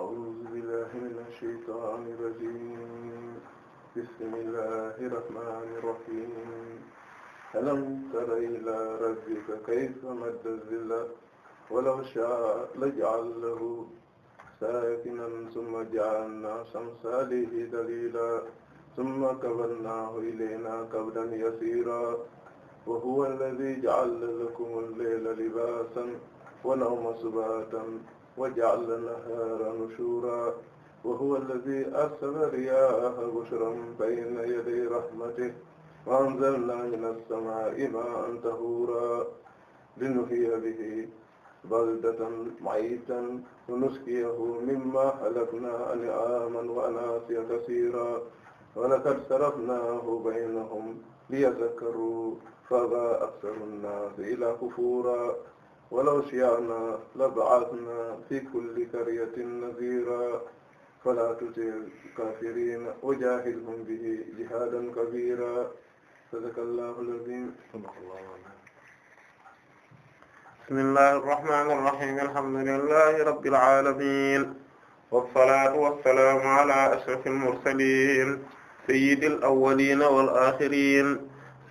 أعوذ بالله من الشيطان الرجيم بسم الله الرحمن الرحيم ألم تر إلى ربك كيف مد الظل ولو شاء لجعله ساكنا ثم جعلنا شمس عليه دليلا ثم كبلناه إلينا كبلا يسيرا وهو الذي جعل لكم الليل لباسا ونوم سباتا وجعل النهار نشورا وهو الذي أرسل رياح بشرا بين يدي رحمته وأنزلنا من السماء ماء طهورا لنحيي به بلدة ميتا ونسقيه مما أهلكنا أنعاما وأناسيا كثيرا ولقد صرفناه بينهم ليذكروا فأبى أكثر الناس إلا كفورا walaw shi'naa laba'athnaa fii kulli qaryatin nadhiiraa falaa tuti'il kaafiriina wajaahidhum bihi jihaadan kabiiraa sadaqallaahul aziim bismillaahir rahmaanir rahiim alhamdulillaahi rabbil aalamiin wassalaatu wassalaamu alaa ashrafil mursaliin sayyidil awwaliina wal aaxiriin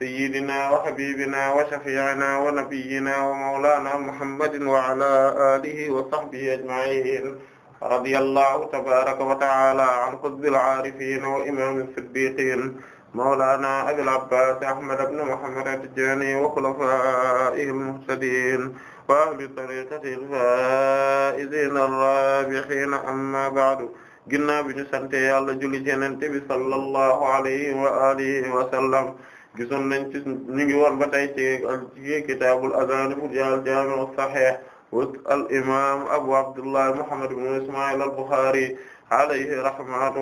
sayyidina wa habibina wa shafi'ina wa nabiyyina wa mawlana muhammadin wa ala alihi wa sahbihi ajma'in radiyallahu tabaraka wa ta'ala an qutbil aarifin wa imam as-siddiqin mawlana abil abbas ahmad ibn muhammad at-tijani wa khulafa'ihi al-muhtadin wa ahli tariqatihi al-fa'izin ar-rabihin amma ba'du ginnaaw bi ñu sante yàlla julli jenante bi sallallahu alayhi wa alihi wa sallam gisoon nañ ci ñu ngi woon ba tey ci ci kitaabul azaan bu jaami' as al imaam abu abdullah muhammad ibn isma'il al buxaari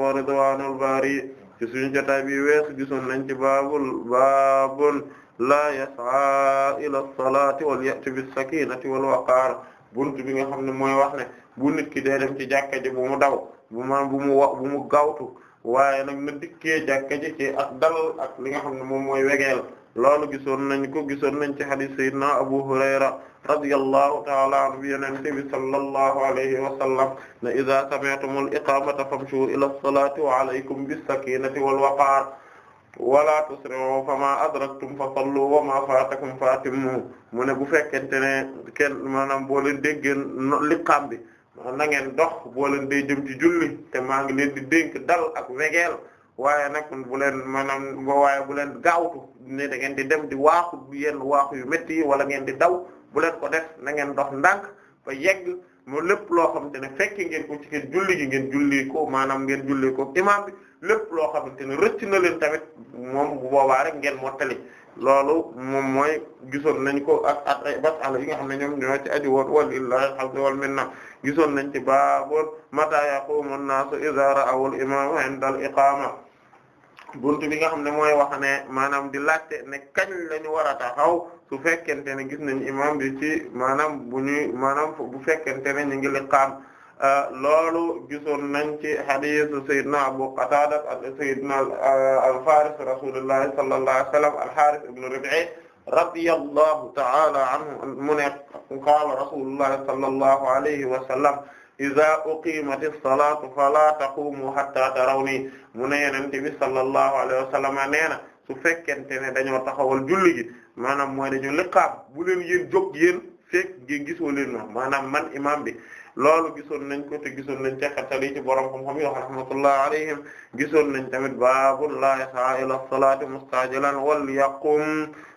wa ridwaanul baari ci suñu jotaay bi weesu gisoon nañ ci baabul baabun laa yas'aa ila salaati wal ya'ti bis sakiinati wal waqaar buntu bi nga xam ne mooy wax ne bu nit ki dee ci jàkka ji bu mu daw bu mu gawtu. waaye nag na dikkee jàkka ji ci ak dal ak li nga xam ne moom mooy wegeel loolu gisoon nañ ko gisoon nañ ci hadith sayyidina Abu Hurayra radiyallahu ta'ala anhu yonent bi sallallahu alayhi wa na ne idha sami'tumul iqamata famshu ila as wa alaykum bis-sakinati wal waqar wala tusri'u fama adraktum fa sallu wa ma fatakum fa mu ne bu fekkente ne kenn maanaam boo leen déggee bi nangeen ngeen dox boo leen day jëm ci julli te maa ngi leen di dénk dal ak wegeel waaye nag bu leen maanaam waaye bu leen gaawtu ne dangeen di dem di waaxu yenn waaxu yu metti yi wala ngeen di daw bu leen ko def na ngeen dox ndànk ba yegg moom lépp loo xamante ne fekki ngeen ko ci julli gi ngeen julli ko maanaam ngeen julli ko imaam bi lépp loo xamante ne rëcc na leen tamit moom bu boobaa rek ngeen mottali loolu moom mooy gisoon nañ ko ak ak ay masala nga xam ne ñoom ñoo ci aju woon walillahi alhamdu wal minna gisoon nañ ci baabul mata yaqumu an-naasu idha ra'aw al-imaama 'inda al-iqaama buntu bi nga xam ne mooy wax ne maanaam di laajte ne kañ lañu war a taxaw su fekkente ne gis nañ imaam bi ci maanaam bu ñuy maanaam bu fekkente ne ñu ngi liqaam Euh, loolu gisoon nañ ci hadiisu Seydina Abu Qatada ak Seydina euh, al-Faris Rasuulullahi sallallahu alayhi wa sallam al-Haaris anhu mu ne qaala Rasuulullahi sallallahu alayhi wa sallam iza uqimatis salaatu fala taqumu hatta tarawni mu su fekkente ne dañoo taxawal julli gi maanaam mooy dañu bu leen yéen jóg yéen fekk ngeen gisoo leen ma man imaam bi loolu gisoon nañ ko te gisoon nañ teqatali ci borom kom xam yi rahmatullah alayhim gisoon nañ tamit baabul laa yas'a ila salaati mustajilan wal yaqum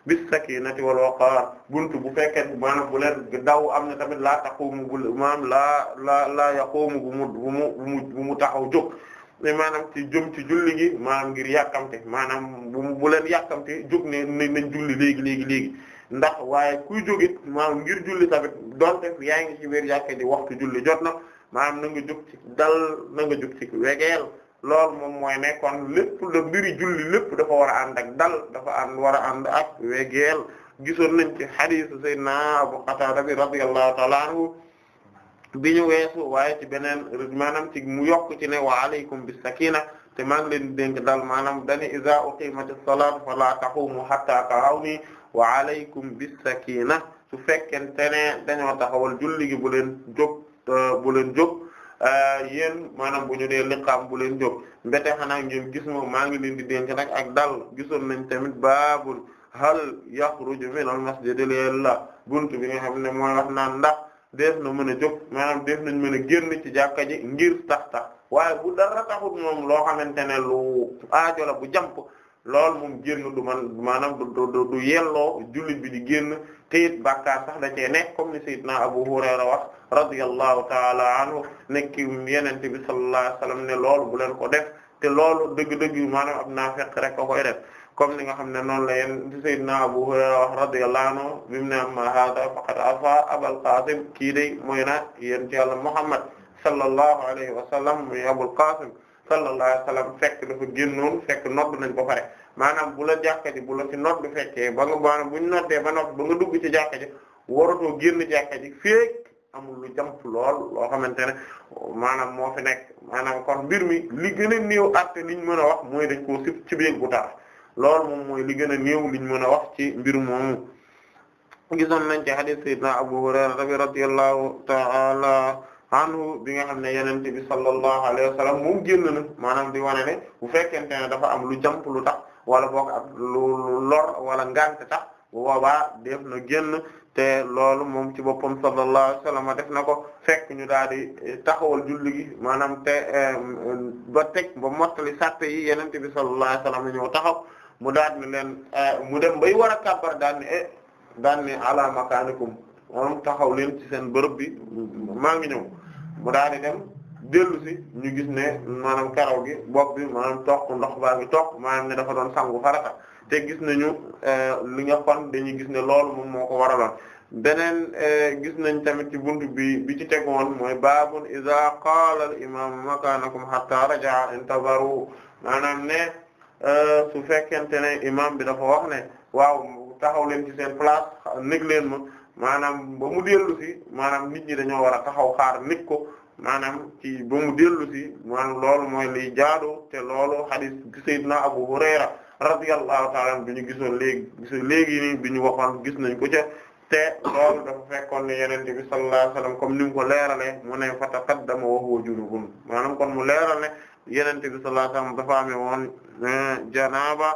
bis sakinati wal waqaar buntu bu fekkee maanaam bu leen daw am na tamit laa taqumu bu maanaam laa laa laa yaqumu bu mu bu mu bu mu taxaw jóg maanaam ci jëm ci julli gi maanaam ngir yàkkamte maanaam bu leen yàkkamte jóg ne nañ julli léegi léegi léegi ndax waaye kuy jógit maanaam ngir julli tamit donte yaa ngi ci biir jàkka ji waxtu julli jot na maanaam na nga jóg ci dal na nga jóg ci wegeel loolu moom mooy ne kon lépp la mbiri julli lépp dafa war a ànd dal dafa ànd war a ànd ak wegeel gisoon nañ ci hadiisu sayyidina Abu Qatada bi radiyallahu ta'ala anhu bi ñu weesu waaye ci beneen maanaam ci mu yokk ci ne wa alaykum bis-sakina te maa ngi leen di dénk dal maanaam dani iza uqimatis salatu fala taqumu hatta wa alaykum bis-sakina su fekkente ne dañoo taxawal taxawul gi bu leen jóg euh, bu leen jóg euh, yéen maanaam bu ñu dee bu leen jóg mbete xanaa ngeen gis moom maa ngi leen di dénk nag ak dal gisoon nañ tamit baabul hal yaxruju min al-masjid lillah buntu bi nga xam ne mooy wax naan ndax def na mën a jóg maanaam def nañ mën a génn ci jàkka ji ngir tax tax waaye bu dara taxut moom loo xamante ne lu aajo la bu jàmp loolu moom génn du man maanaam du du yelloo bi di génn te it bàkkaar sax da cee nekk comme ni sayyidna Abu Hurayra wax radiyallahu taala anhu nekk yenente bi sallallahu alayhi wasallam ne lool bu leen ko def te lool dëgg-dëgg yu maanaam ab naafeq rek ko koy def comme ni nga xam ne noonu la yeen di sayyidna Abu Hurayra wax radiyallahu anhu bi mu ne amma hada faqad afa Abul Qasim kii day mooy na yéen ci yàlla Muhammad sallallahu alayhi wa muy Abul Qasim sallallahu alayhi wa sallam fekk dafa génnoon fekk nodd nañ ba pare maanaam bu la jàkka ji bu la ci nodd fekkee ba nga maanaam bu ñu noddee ba nodd ba nga dugg ci jàkka ji waratoo génn jàkka ji feek amul lu jamp lool loo xamante ne maanaam moo fi nekk maanaam kon mbir mi li gën a néew àtte liñ mën a wax mooy dañ ko sib ci biir bu loolu moom mooy li gën a néew liñ mën a wax ci mbir moomu gisoon nañ ci hadith sayyidina Abu Hurayra radiyallahu ta'ala anhu bi nga xam ne yeneen bi sallallahu alayhi wa sallam moom génn na maanaam di wane ne bu fekkente ne dafa am lu jamp lu tax wala bokk ak lu lor wala ngante tax boobaa def na génn te loolu moom ci boppam sallallahu alayhi wa sallam def na ko fekk ñu daal di eh, taxawal julli gi maanaam te eh, ba teg ba mottali sàtte yi yenente bi sallallahu alayhi wa sallam ñëw taxaw mu daal ne leen eh, mu dem bay war a kàbbar daal ne eh daal ne ala moom taxaw leen ci seen bërëb bi maa ngi ñëw mu daal di dem dellu ñu gis ne maanaam karaw gi bopp bi maanaam toq ndox baa ngi toq maanaam ne dafa doon sangu farata te gis nañu li nga kon dañuy gis ne loolu moom moo ko waraloon beneen euh, gis nañ tamit ci buntu bi bi ci tegoon mooy baabun iza qaala al imaamu makaanakum hatta raja'a intabaru maanaam ne euh, su fekkente ne imaam bi dafa wax ne waaw taxaw leen ci seen place nég leen ma maanaam ba mu dellu si maanaam nit ñi dañoo war a taxaw xaar nit ko maanaam ci ba mu dellu si maanaam loolu mooy liy jaadoo te loolu hadith na Abu Hurayra radiyallahu ta'ala bi ñu gisoon léegi gisoon léegi bi ñu waxoon gis nañ ko ca te loolu dafa fekkoon ne yenente bi sallallahu alayhi wasallam comme ni mu ko leerale mu ne fa taqaddama wa huwa junubun maanaam kon mu leeral ne yenente bi sallallahu alayhi dafa amee woon eh, janaaba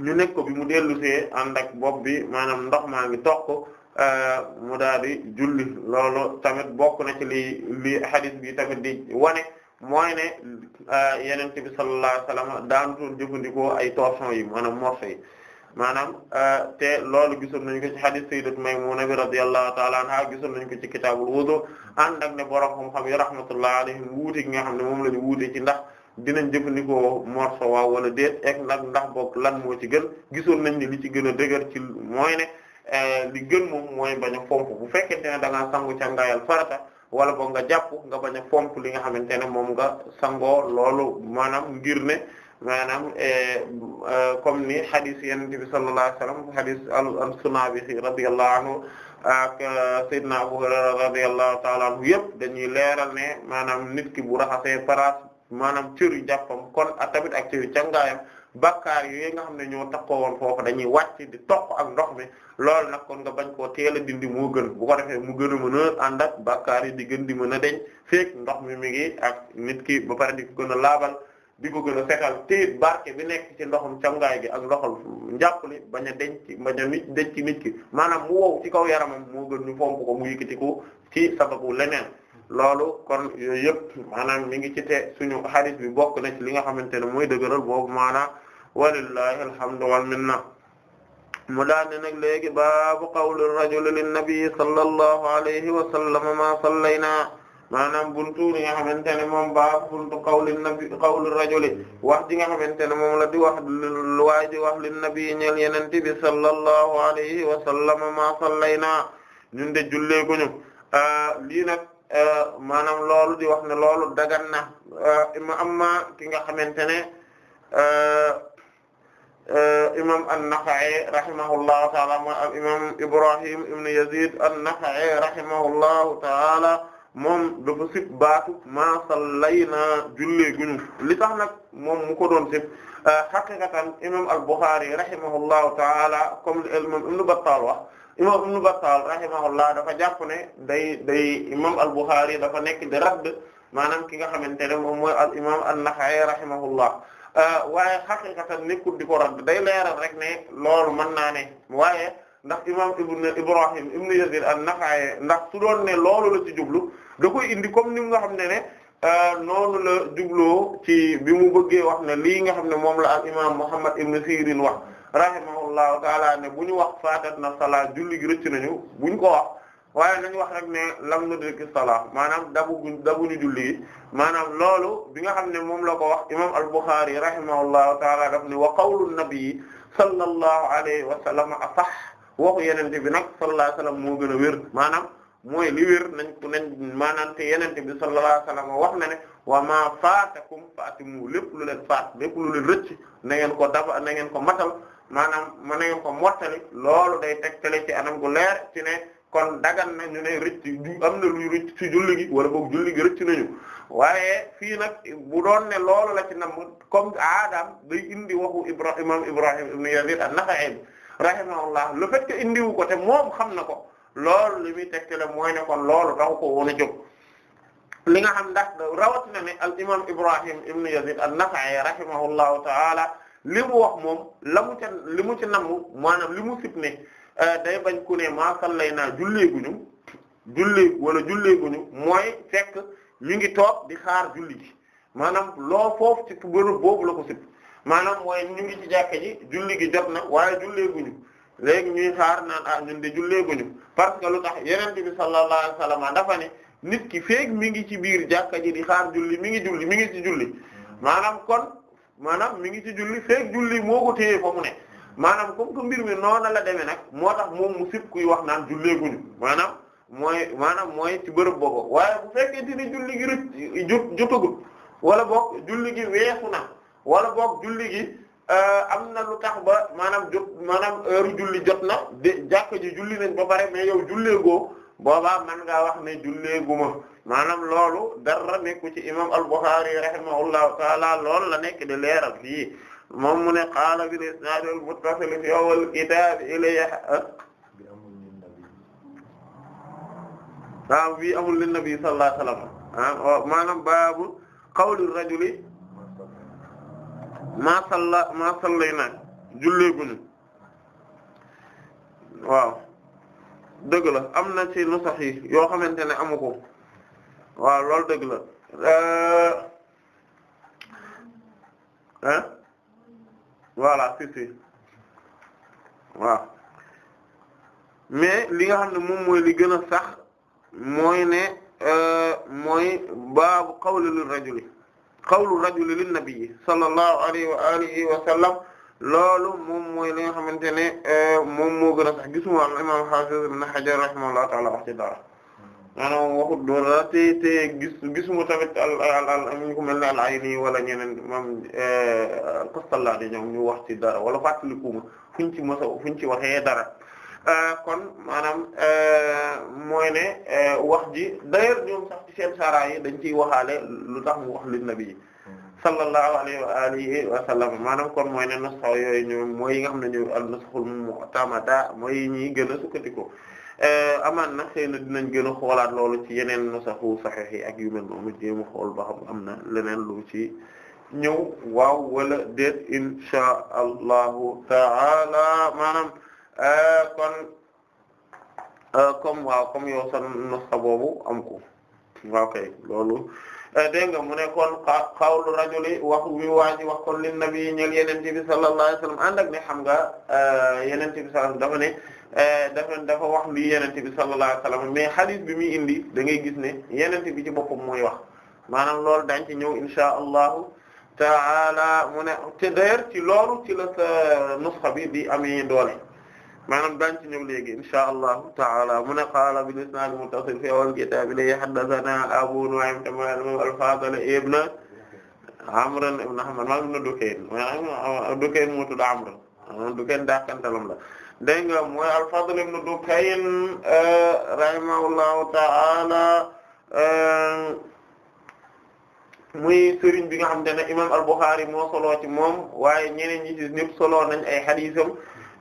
ñu nekk ko bi mu dellusee ànd ak bopp bi maanaam ndox maa ngi toq Euh, mu daal di julli loolu tamit bokk na ci li li hadith bi tamit di wane mooy ne euh, yenente bi sallallahu alayhi daan daanutoon jëfandikoo ay torchons yi maanaam morceaux yi maanaam euh, te loolu gisoon nañu ko ci hadith sayyidat Maymuna bi radiyallahu ta'ala anha gisoon nañu ko ci kitaabul wudu ànd ak ne borom xam-xam yi rahmatullahi alayhim wuute ki nga xam ne moom la ñu wuute ci ndax dinañ jëfandikoo morceau waaw wala déet ek nag ndax boog lan moo ci gën gisoon nañ ni li ci gën a dëgër ci mooy ne Eh, li gën moom mooy bañ a fomp bu fekkente ne da ngaa sangu cangaayal farata wala boog nga jàpp nga bañ pomp li nga xamante ne moom nga sangoo loolu maanaam ngir ne maanaam eh, eh, comme ni hadis yonent bi sallallahu alayhi wasallam hadis al-Sunabi radiyallahu anhu ak dañuy leeral ne maanaam nit ki bu raxasee paraas maanaam cëru jàppam kon ak tamit ak cëru cangaayam bakkaar yooyu nga xam ne ñoo takkoo woon foofu dañuy wàcc di toq ak ndox mi loolu nag kon nga bañ koo teel a dindi moo gën bu ko defee mu gën a mën a ànd ak bakkaar yi di gën di mën a deñ fekk ndox mi mi ngi ak nit ki ba pare di ko a laabal di ko gën a fekkal te barke bi nekk ci ndoxum cangaay gi ak ndoxal njàppali bañ a denc bañ a nit denc nit ki maanaam mu wow ci kaw yaramam moo gën ñu fomp ko mu yëkkati ko ci sababu leneen. loolu kon yooyu yëpp maanaam mi ngi ci te suñu hadith bi bokk na ci li nga xamante ne mooy dëgëral boobu maanaam walillahi alhamdu wal minna mu daal ne nag léegi baabu qawlu rajuli linnabii sallallahu alayhi wa sallam ma sallaynaa maanaam buntu li nga xamante ne moom baabu buntu qawli nabi qawlu rajuli wax ji nga xamante ne moom la di wax waay di wax linnabii ñeel yenente bi sallallahu alayhi wa sallam ma sallaynaa ñun de jullee ko ñu lii nag Eh, maanaam loolu di wax ne loolu dagan na eh, amma ki nga xamante ne eh, imam an-Nakha'i rahimahullahu taala moom imam Ibrahim ibn Yazid an-Nakha'i rahimahullahu taala moom dafa sib baatu ma sallayna jullee guñu li tax nag moom mu ko doon sib haqiqatan imam al-Bukhari rahimahullahu taala comme le imam Ibn Battal wax imam ibnu Battal rahimahullah dafa jàpp ne day day imam al-Bukhari dafa nekk di radd maanaam ki nga xamante ne moom mooy al imam an-Nakhai rahimahullah euh, waaye xaqiqatan nekkul di ko radd day leeral rek ne loolu mën naa ne waaye ndax imam ibn Ibrahim ibnu Yazid an-Nakhai ndax su doon ne loolu la ci jublu da indi comme ni nga xam ne ne euh, noonu la jubloo ci bi mu bëggee wax ne lii nga xam ne moom la al imam Muhammad ibn Sirin wax rahimahullah rahimahullahu taala ne bu ñu wax faatat na salaat julli gi rëcc nañu bu ñu ko wax waaye nañu wax rek ne lam nudriki salaat maanaam dabu dabuñu julli gi maanaam loolu bi nga xam ne moom la ko wax imam al-Bukhari rahimahullahu taala daf ne wa qawlu nabii sallallahu alayhi wa sallam asah waxu yenente bi nag sallallahu alayhi wa sallam moo gën a wér maanaam mooy li wér nañ ko nañ maanaam te yenente bi sallallahu alayhi wa sallam wax na ne wa ma faatakum mu lépp lu leen faat lépp lu leen rëcc na ngeen ko daba na ngeen ko matal maanaam mën nañu ko mottali loolu day tegtale ci anam gu leer ci ne kon dagan na ñu ne rëcc am na luy rëcc ci julli gi wala boog julli gi rëcc nañu waaye fii nag bu doon ne loolu la ci nam comme aadam day indi waxu Ibra imam Ibrahim ibn Yazid an-Nakha'i rahimahullah ko moom xam na ko loolu li muy tegtale mooy ne kon loolu taxu a jóg li nga xam ndax rawat na ne al imam rahimahullahu ta'ala li mu wax moom lamu mu ca li mu ci namm maanaam li mu sib ne euh, day bañ ku ne maa sallay naa julleeguñu jullee wala julleeguñu mooy fekk mi ngi toog di xaar julli ji maanaam loo foofu ci bërëb boobu la ko sib maanaam mooy ñu ngi ci jàkka ji julli gi jot na waaye julleeguñu léegi ñuy xaar naan a ah, ñun de julleeguñu parce que lu tax yeneen bi sallallahu alayhi wasallam dafa ne nit ki feek mi ngi ci biir jàkka ji di xaar julli mi ngi julli mi ngi ci julli maanaam mi ngi ci julli feek julli moo ko téye fa mu ne maanaam comme que mbir mi noona la demee nag moo tax moom mu sib kuy wax naan julleeguñu maanaam mooy maanaam mooy ci bërëb boobu waaye bu fekkente ni julli gi rëcc jot jotagul wala boog julli gi weesu na wala boog julli gi euh, am na lu tax ba maanaam jot maanaam heure julli jot na de jàkk ji julli nañ ba pare mais yow julleegoo boobaa man ngaa wax ne julleeguma maanaam loolu dara nekku ci imam al-Bukhari rahimahullahu taala loolu la nekk di leeral fii moom mu qaala bil isnaad al fi awwal kitaab ilayhi amul lin nabi sallallahu alayhi wasallam ah, baabu qawli rajuli ma salla ma sallayna julleeguñu waaw dëgg la am na ci nusax yi yoo xamante ne amu ko waaw loolu dëgg la hein eh, eh? voilà si waaw mais li nga xam ne moom mooy li gën a sax mooy ne eh, mooy baabu qawli lil rajuli qawlu rajuli lin nabiyyi sallallahu alayhi wa alihi loolu moom mooy li nga xamante ne eh, moom moo gën a sax gisuma al imam hafiz ibn hajar rahimahullahu taala wax ci dara maanaam waxut doon te te gis gisuma tamit al al al ñu ko mel ne al ayni wala ñeneen mam kostallaani eh, ñoom ñu wax ci dara wala fàttalikuma fuñ ci mosa fuñ ci waxee dara eh, kon maanaam mooy ne wax ji d'ailleurs ñoom sax ci seen saraa yi dañ ciy waxaale lu tax mu wax li nabi yi sallallahu alayhi wa alihi wa sallam maanaam kon mooy ne nusax yooyu ñoom mooy nga xam ne ñoom al nusaxul mu'tamada mooy ñi gën a sukkandiku eh, amaan na xëy na dinañ gën a xoolaat loolu ci yeneen nusaxu saxiix ak yu mel noonu xool ba am na leneen lu ci ñëw waaw wala déet inshaa allahu taala maanaam eh, kon eh, comme waaw comme yow boobu am ko waaw kay loolu Eh, dégg nga mu ne kon xawlu rajuli wax wi waa ji wax kon lin nabi ñel yenente bi sallallahu alayhi wasallam ànd ak ne xam nga eh, yenente bi sallallahu dafa ne eh, dafa dafa wax lii yenente bi sallallahu alayhi wasallam mais hadith bi muy indi da gis ne yenente bi ci boppam mooy wax maanaam lool dañ ci ñëw insha allahu taala mu ne te d'ailleurs ci loolu ci la sa nusxa bi di amee doole maanaam daañu ci ñëw léegi inshaa allahu taala mu ne qaala bil isnaad muttasil fi awwal kitaab li haddathanaa Abu Nu'aym al-Fadl ibn Amr ibn Ahmad maa ngi Dukayn maanaam Dukayn moo tudd daakantalam la dégg nga mooy al ibn Dukayn euh, rahimahullahu taala euh, muy sëriñ bi nga xamante ne imaam al-Bukhari moo solo ci moom waaye ñeneen ñi ci ñépp solo nañ ay hadiisam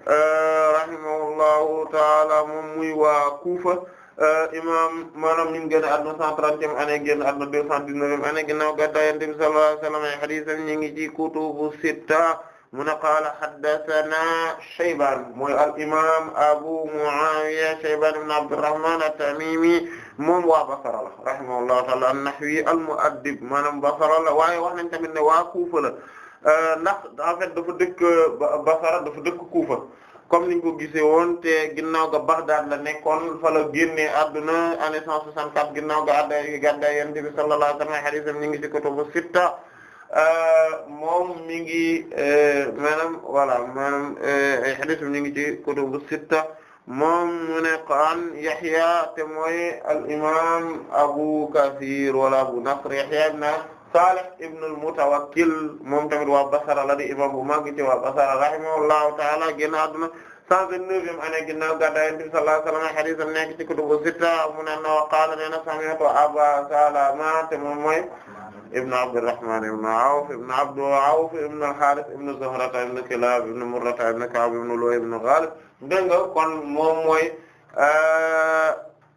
Euh, rahimahullahu taala moom muy waa Kufa euh, imam maanaam ñu ngi génn àdduna cent trentième année génn àdduna deux cent dix-neuvième année ginnaaw gàddaay Yonent bi sallallahu alayhi wa sallam ay hadiisam ñu ngi ci kutubu sitta mu ne qaala haddathana Shaybaan mooy al imam Abu Mu'aawiya Shaybaan ibn Abdurrahmaan at-Tamiimi moom waa Basra la rahimahullahu taala an-Nahwi al-Mu'addib maanaam Basra la waaye wax nañ tamit ne waa Kufa la Euh, ndax en fait dafa dëkk euh, Basra dafa dëkk Kufa comme niñ ko gisee woon te ginnaaw ga Baghdad la nekkoon fa la génnee adduna année 164 ginnaaw ga adda gadda yonent bi sallallahu alayhi wa sallam hadith ñu ngi ci kutubu sitta moom mi ngi maanaam voilà maanaam ay hadith mi ngi ci kutubu sitta moom mu ne qaan Yahya te mooy al Abu Kathir wala Abu Nasr Yahya ibn Salih ibn al-Mutawakkil moom tamit waa Basra la di imam bu mag ci waa Basra rahimahullahu ta'ala génn àdduna 129e année ginnaaw gàddaay Yonent bi sallallahu alayhi wa sallam hadith am nekk ci kutubu sitta mu ne na qaala nee na sami'tu Aba Salama te moom mooy ibn Abdurrahman ibn Awf ibn Abdu Awf ibn al-Harith ibn Zuhrata ibn Kilab ibn Murrata ibn Ka'b ibn Lu'ay ibn Ghalib dégg nga kon moom mooy euh,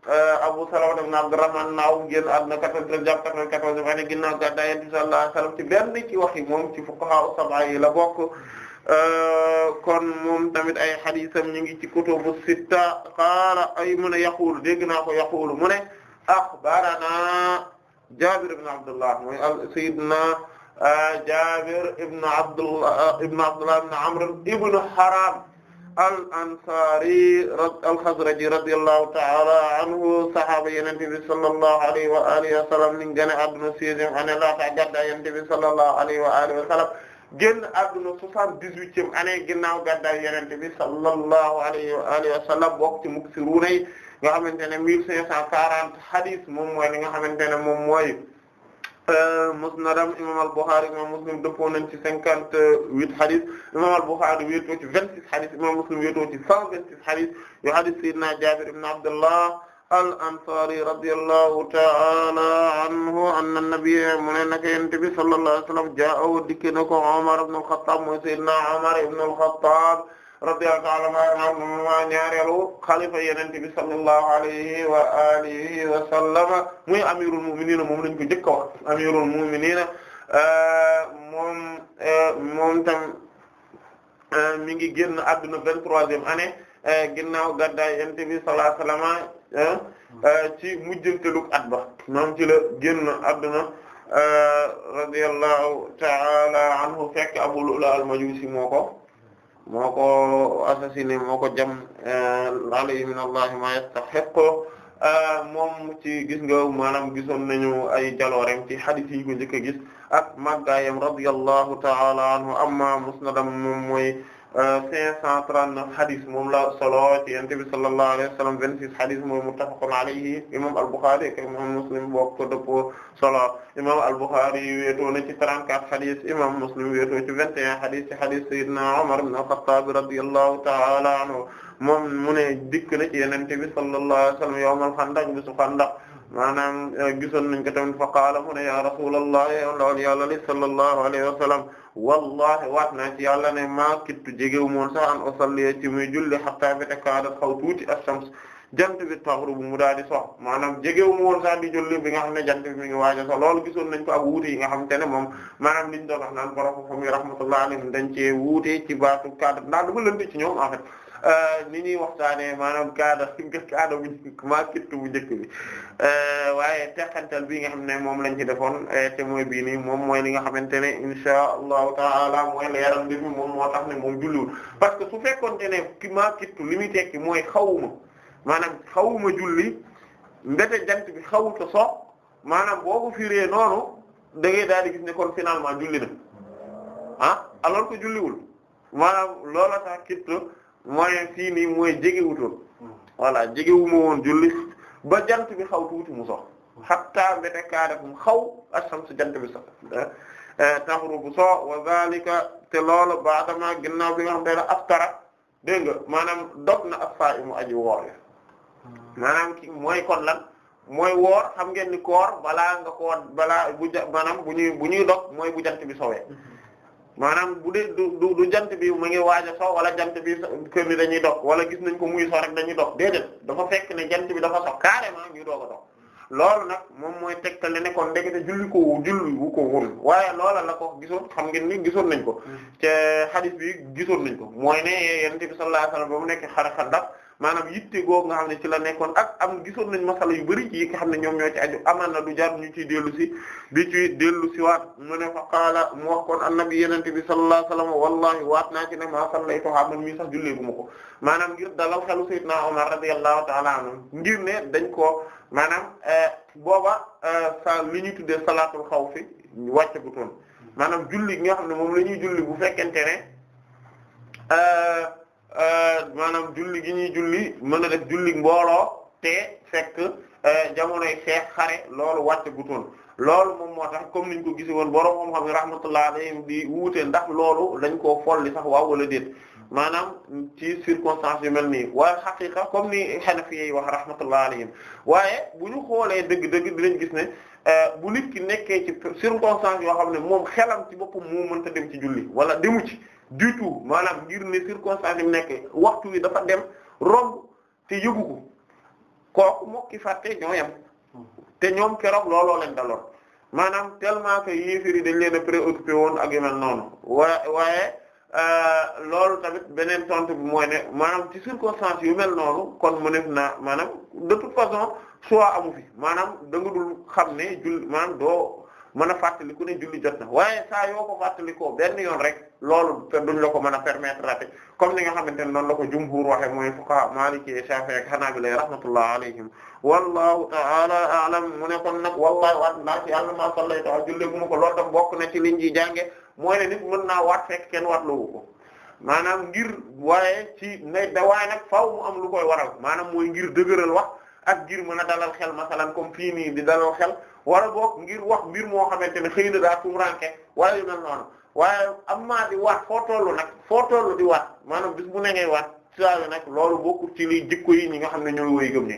Euh, Abu Salama ibn Abdurrahman naaw génn àdduna 93 jàpp 94 dafa ne ginnaaw gàddaay Yonent bi sallallahu alayhi wasallam ci benn ci waxi moom ci fuqaha sab'a yi la bokk euh, kon moom tamit ay hadiisam ñu ngi ci kutubu sitta qaala ay mu ne yaquulu dégg naa ko yaquulu mu ne axbaranaa Jaabir ibn Abdullah mooy sayyidina euh, Jaabir ibn Abdullah ibn Abdullah ibn Amr ibn Haram al-Ansari al-Khazraji radiyallahu ta'ala anhu sahaaba Yonent bi sallallahu alayhi wa alihi wa sallam ni gane adduna seizième année laata gàddaay Yonent bi sallallahu alayhi wa alihi wa sallam génn adduna soixante-dix-huitième année ginnaaw gàddaay Yonent bi sallallahu alayhi wa alihi yi nga xamante ne mille cinq cent quarante hadith moom li nga xamante ne moom mooy Euh, musnadam imam al-Bukhari imam Muslim dëppoo nañ ci cinquante huit xadis imam al-Bukhari wéetoo ci vingt six xadis imam Muslim wéetoo ci cent vingt six xadis yu xadis sayyidina Jaabir ibn Abdullah al-Ansari radiyallahu ta'ala anhu anna nabiyya mu ne naka yonent bi sallallahu alayhi wa sallam jaa'a dikke na ko Umar ibn al-Khattab mooy sayyidina Umar ibn al-Khattab radiyallahu ta'ala anhu ma ñaareelu xalifa yenente bi sallallahu alayhi wa alihi wa sallama muy amirul mu'minin moom lañ ko njëkk a amirul mu'minin euh, moom euh, moom tam euh, mi ngi génn adduna vingt-troisième année ginnaaw gaddaay yenente n sallallahu alayhi sallama ci mujjëntelug at ba moom ci la génn adduna radiyallahu ta'ala anhu fekk Abu Lu'lu al-Majusi moo moo ko assassiné moo ko jam eh, alayhi min allah ma yastahiqu eh, moom ci gis nga maanaam gisoon nañu ay jaloorem ci hadith yi ko njëkk a gis ak màggaayam radiyallahu ta'ala anhu amma musnadam moom mooy 539 euh, hadith moom la solo ci Yonent bi sallallahu alayhi wa sallam 26 hadith mooy muttafaqun alayhi imam al-Bukhari ak imam Muslim bokk ko dëppoo solo imam al-Bukhari wéetoo na ci 34 hadith imam Muslim wéetoo ci 21 hadith ci hadith Sayyidina Umar ibn al-Khattab radiyallahu ta'ala anhu moom mu ne dikk na ci Yonent bi sallallahu alayhi wa sallam yawmal Khandaq bisu Khandaq maanaam eh, gisoon nañ ko tamit fa qaala mu ne ya rasulallah yow ndawal yàlla li sallallahu wa sallam wallahi waat naa ci yàlla ne maa kittu jegewu moon sax an usalli ci muy julli hatta bi takaadat xaw tuuti ash-shams jant bi taxrubu mu daal di sox maanaam jegewu moon sax di julli bi nga xam ne jant bi mi ngi waaj a sox gisoon nañ ko ab wuute yi nga xam te ne moom maanaam liñ doon wax naan borom xam yi rahmatullah alayhim dañ cee wuute ci baatu kaddu ndax dama lënd ci ñoom en fait Euh, ni ñuy waxtaanee maanaam kaada kaada bu njëkk maa kitt bu njëkk bi euh, waaye teqantal bi nga xam ne moom lañ ci defoon euh, te mooy bii nii moom mooy li nga xamante ne inshaa allahu taala mooy leeral mbir mi moom moo tax ne moom julliwul parce que su fekkoonte ne ki maa kitt li muy tekki mooy xawuma maanaam xawuma julli mbete jant bi xawuta so maanaam boo ko firee noonu da ngay di gis ne kon finalement julli na ah alors que julliwul maanaam loola tax mooy fii nii mooy jegewutoon voilà jegewuma woon julli ba jant bi xaw tuuti mu sox hatta mbétekaadakum xaw ash-shamsu jant bi sax eh, taghrubu so wa zalika te loolu baadama ginnaaw bi nga xam te ne aftara dégg nga maanaam dog na as-sa'imu aji woor maanaam ki mooy kon lan mooy woor xam ngeen ni koor balaa nga koo balaa bu ja maanaam bu ñuy bu ñuy dog mooy bu jant bi sowee maanaam bu dee du du jant bi mu ngi waaj a so wala jant bi kër bi dañuy dox wala gis nañ ko muy so rek dañuy dox déedéet dafa fekk ne jant bi dafa so carrément ñu doog ko dox loolu nag moom mooy tegtale ne kon ndekete julli ko julli wu ko wul waaye loola la ko gisoon xam ngeen ni gisoon nañ ko hmm. te hadith bi gisoon nañ ko mooy ne yonent bi sallallahu alayhi wasallam ba mu nekk xare Xandaq maanaam yitte googu nga xam ne ci la nekkoon ak am gisoon nañ masala yu bari ci yi nga xam ne ñoom ñoo ci aju amaan na du jaar ñu ciy dellu si di ci dellu si waat mu ne fa qaala mu wax kon annabi yenente bi sallallahu alayhi wa sallam wallahi waat naa ci ne maa sallaytuhaa man mii sax jullee bu ma ko maanaam ngir dalal xelu sayyidna Umar radiyallahu ta'ala anhu ngir ne dañ koo maanaam eh, booba eh, sa li ñuy tuddee salaatul xawfi wàccagutoon maanaam julli gi nga xam ne moom la ñuy julli bu fekkente ne eh, Euh, maanaam julli gi ñuy julli mën a def julli mbooloo te fekk euh, jamonoy xeex xare loolu wàcc gutoon loolu moom moo tax comme niñ ko gisi woon borom xam-xam yi rahmatullah alayhim di wuute ndax loolu dañ koo folli sax waaw wala déet maanaam ci circonstance yu mel nii waaye xaqiqa comme ni Hanafi yi wax rahmatullah alayhim waaye bu ñu xoolee dëgg-dëgg dinañ gis ne euh, bu nit ki nekkee ci circonstance yoo xam ne moom xelam ci boppam moo mënta dem ci julli wala demu ci du tout maanaam ngir ne circonstance yi nekk waxtu wi dafa dem romb te yëgu ko kooku moom ki fàtte te ñoom keroog looloo leen daloon maanaam tellement que yéefar dañ leen a préoccupé woon ak yu noonu waa waaye euh, loolu tamit beneen tontu bi mooy ne maanaam ci circonstance yu mel noonu kon mu nekk naa maanaam de toute façon soit amu fi maanaam da nga dul xam ne jull maanaam doo. mën a fàttaliku ne julli jot na waaye saa yoo ko fàttalikoo benn yoon rek loolu te duñ la ko mën a permettre raté comme ni nga xamante ne noonu la ko jumhur waxe mooy fuqaha maliki shafi'i ak hanabila rahmatullah alayhim wallahu ta'ala a'lam mu ne kon nag wallahi waat naa ci yàlla maa sallayta wa julli gu ma ko loolu tam bokk na ci liñ ji jànge mooy ne nit mën naa waat fekk kenn waat loowu ko maanaam ngir waaye ci ngay da waaye nag faaw mu am lu koy waral maanaam mooy ngir dëgëral wax ak ngir mën a dalal xel masalan comme fii nii di dalal xel wala boog ngir wax mbir moo xamante ne xëy na daa tuumranke wala yu mel noonu waaye am maa di waat foo toll nag foo toll di waat maanaam bis mu ne waat saa yu nag loolu bokkul ci li jikko yi ñi nga xam ne ñooy woy gëm ñi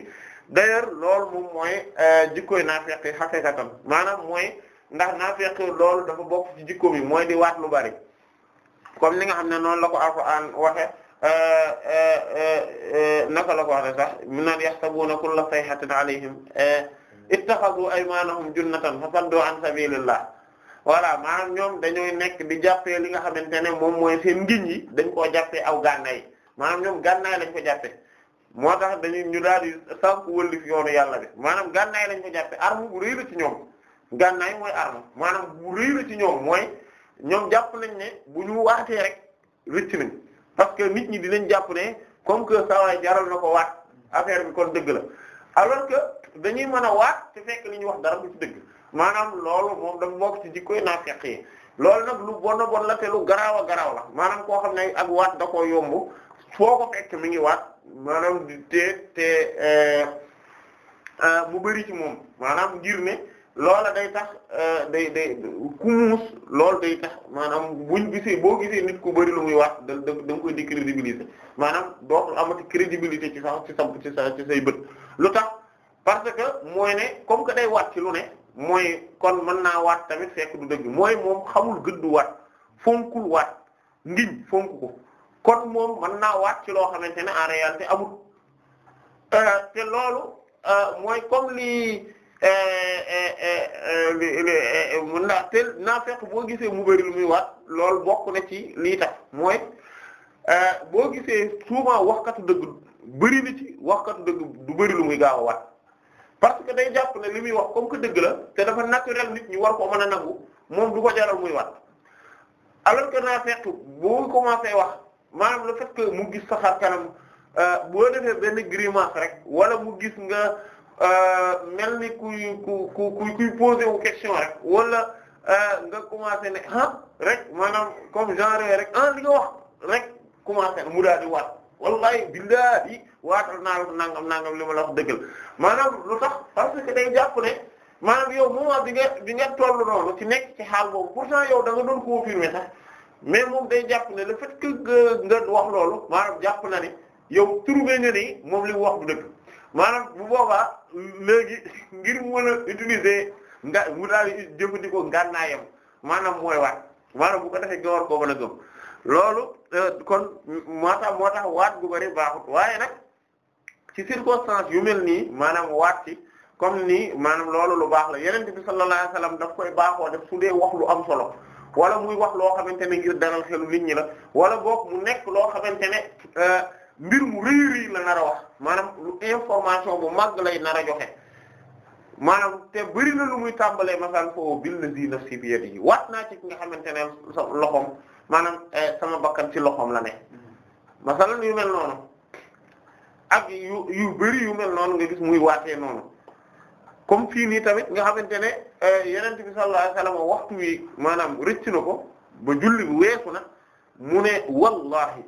d'ailleurs loolu moom mooy euh, jikkoy naafeqi xaqiqatan maanaam mooy ndax naafeq loolu dafa bokk ci jikko mi mooy di waat lu bari comme li nga xam ne noonu la ko Alxuraan waxe euh, euh, naka la ko waxe sax mu naan yaxsabuuna kulla sayhatin alayhim ay ittakhadhu aymanahum junnatan fasaddu an sabilillah voilà maanaam ñoom dañooy nekk di jàppee li nga xamante ne moom mooy seen ngiñ yi dañ koo jàppee aw gànnaay maanaam ñoom gànnaay lañ ko jàppe moo tax dañuy ñu daal di sànq wëllif yoonu yàlla bi maanaam gànnaay lañ ko jàppee arme bu rëy la ci ñoom gànnaay mooy arme maanaam bu rëy la ci ñoom mooy ñoom jàpp lañ ne bu ñu waatee rek rëcc nañ parce que nit ñi dinañ jàpp ne comme que saa jaral na ko waat affaire bi kon dëgg la dañuy mën a waat te fekk li ñu wax dara bu ci dëgg maanaam loolu moom dafa bokk ci di jikkoy naafeq yi lool nag lu bon a bon la te lu garaaw a garaaw la maanaam koo xam ne ak waat da ko yomb foo ko fekk mu ngi waat maanaam te te eh, eh, mu bari ci moom maanaam ngir ne loola day tax eh, day day kumuus day tax maanaam buñ gisee boo gisee nit ku bari lu muy wax da da nga koy décrédibiliser maanaam dootul amati crédibilité ci sax ci sa ci sa ci say bët lu tax parce que mooy ne comme que day waat ci lu ne mooy kon mën naa waat tamit fekk du dëgg mooy moom xamul gëddu waat fonkul waat ngiñ fonk ko kon moom naa waat ci loo xamante ne en réalité amul euh, te loolu euh, mooy comme lii euh, naa te fekk boo gisee mu bari lu muy waat lool bokk na ci liita tax mooy boo gisee souvent waxkatu dëgg bëri na ci dëgg du lu muy gaaw a waat parce que day jàpp na li muy wax comme que dëgg la te dafa naturel nit ñi war ko mën a nangu moom du ko jaral muy wat alors que naa fekk boo commencé wax maanaam le fait que mu gis saxaar kanam euh, boo defee benn grimace rek wala mu gis nga euh, mel ni kuy ku ku kuy posé wu question rek wala euh, nga commencé ne ah rek maanaam comme genre rek ah li nga wax rek commencé mu daal di wat wallahi billahi waatal naa la ko nangam nangam li ma la wax dëggal maanaam lu tax parce que day jàpp ne maanaam yow moment bi nga bi nga tollu noonu ci nekk ci xaal boobu pourtant yow da nga doon confirmer sax mais moom day jàpp ne le fait que nga wax loolu maanaam jàpp na ne yow trouvé nga ni moom li wax du dëgg maanaam bu boobaa léegi ngir mën a utiliser nga mu daal di jëfandikoo ngànnaayam maanaam mooy waat maanaam bu ko defee nga war koo mën a gëm loolu euh, kon moo tax moo tax waat gu bari baaxut waaye nag. ci circonstance yu mel nii maanaam waat ci comme nii maanaam loolu lu baax la yeneen bi sallallahu alayhi wasallam daf koy baaxoo def su dee wax lu am solo walla muy wax loo xamante ne ngir dalal xelu nit ñi la wala book mu nekk loo xamante ne euh, mbir mu rëy rëy la nar a wax maanaam lu information bu màgg lay nar a joxe maanaam te bëri lu muy tàmbalee masal foofu billazi ci bi yi waat naa ci ki nga xamante ne loxoom maanaam eh, sama bakkan ci loxoom la ne mm-hmm. masal ak yu yu bëri yu mel noonu nga gis muy waatee noonu comme fii nii tamit nga xamante ne euh, yenent bi sallallahu alayhi wasallam waxtu wi maanaam rëcc na ko ba julli bi weesu na mu ne wallahi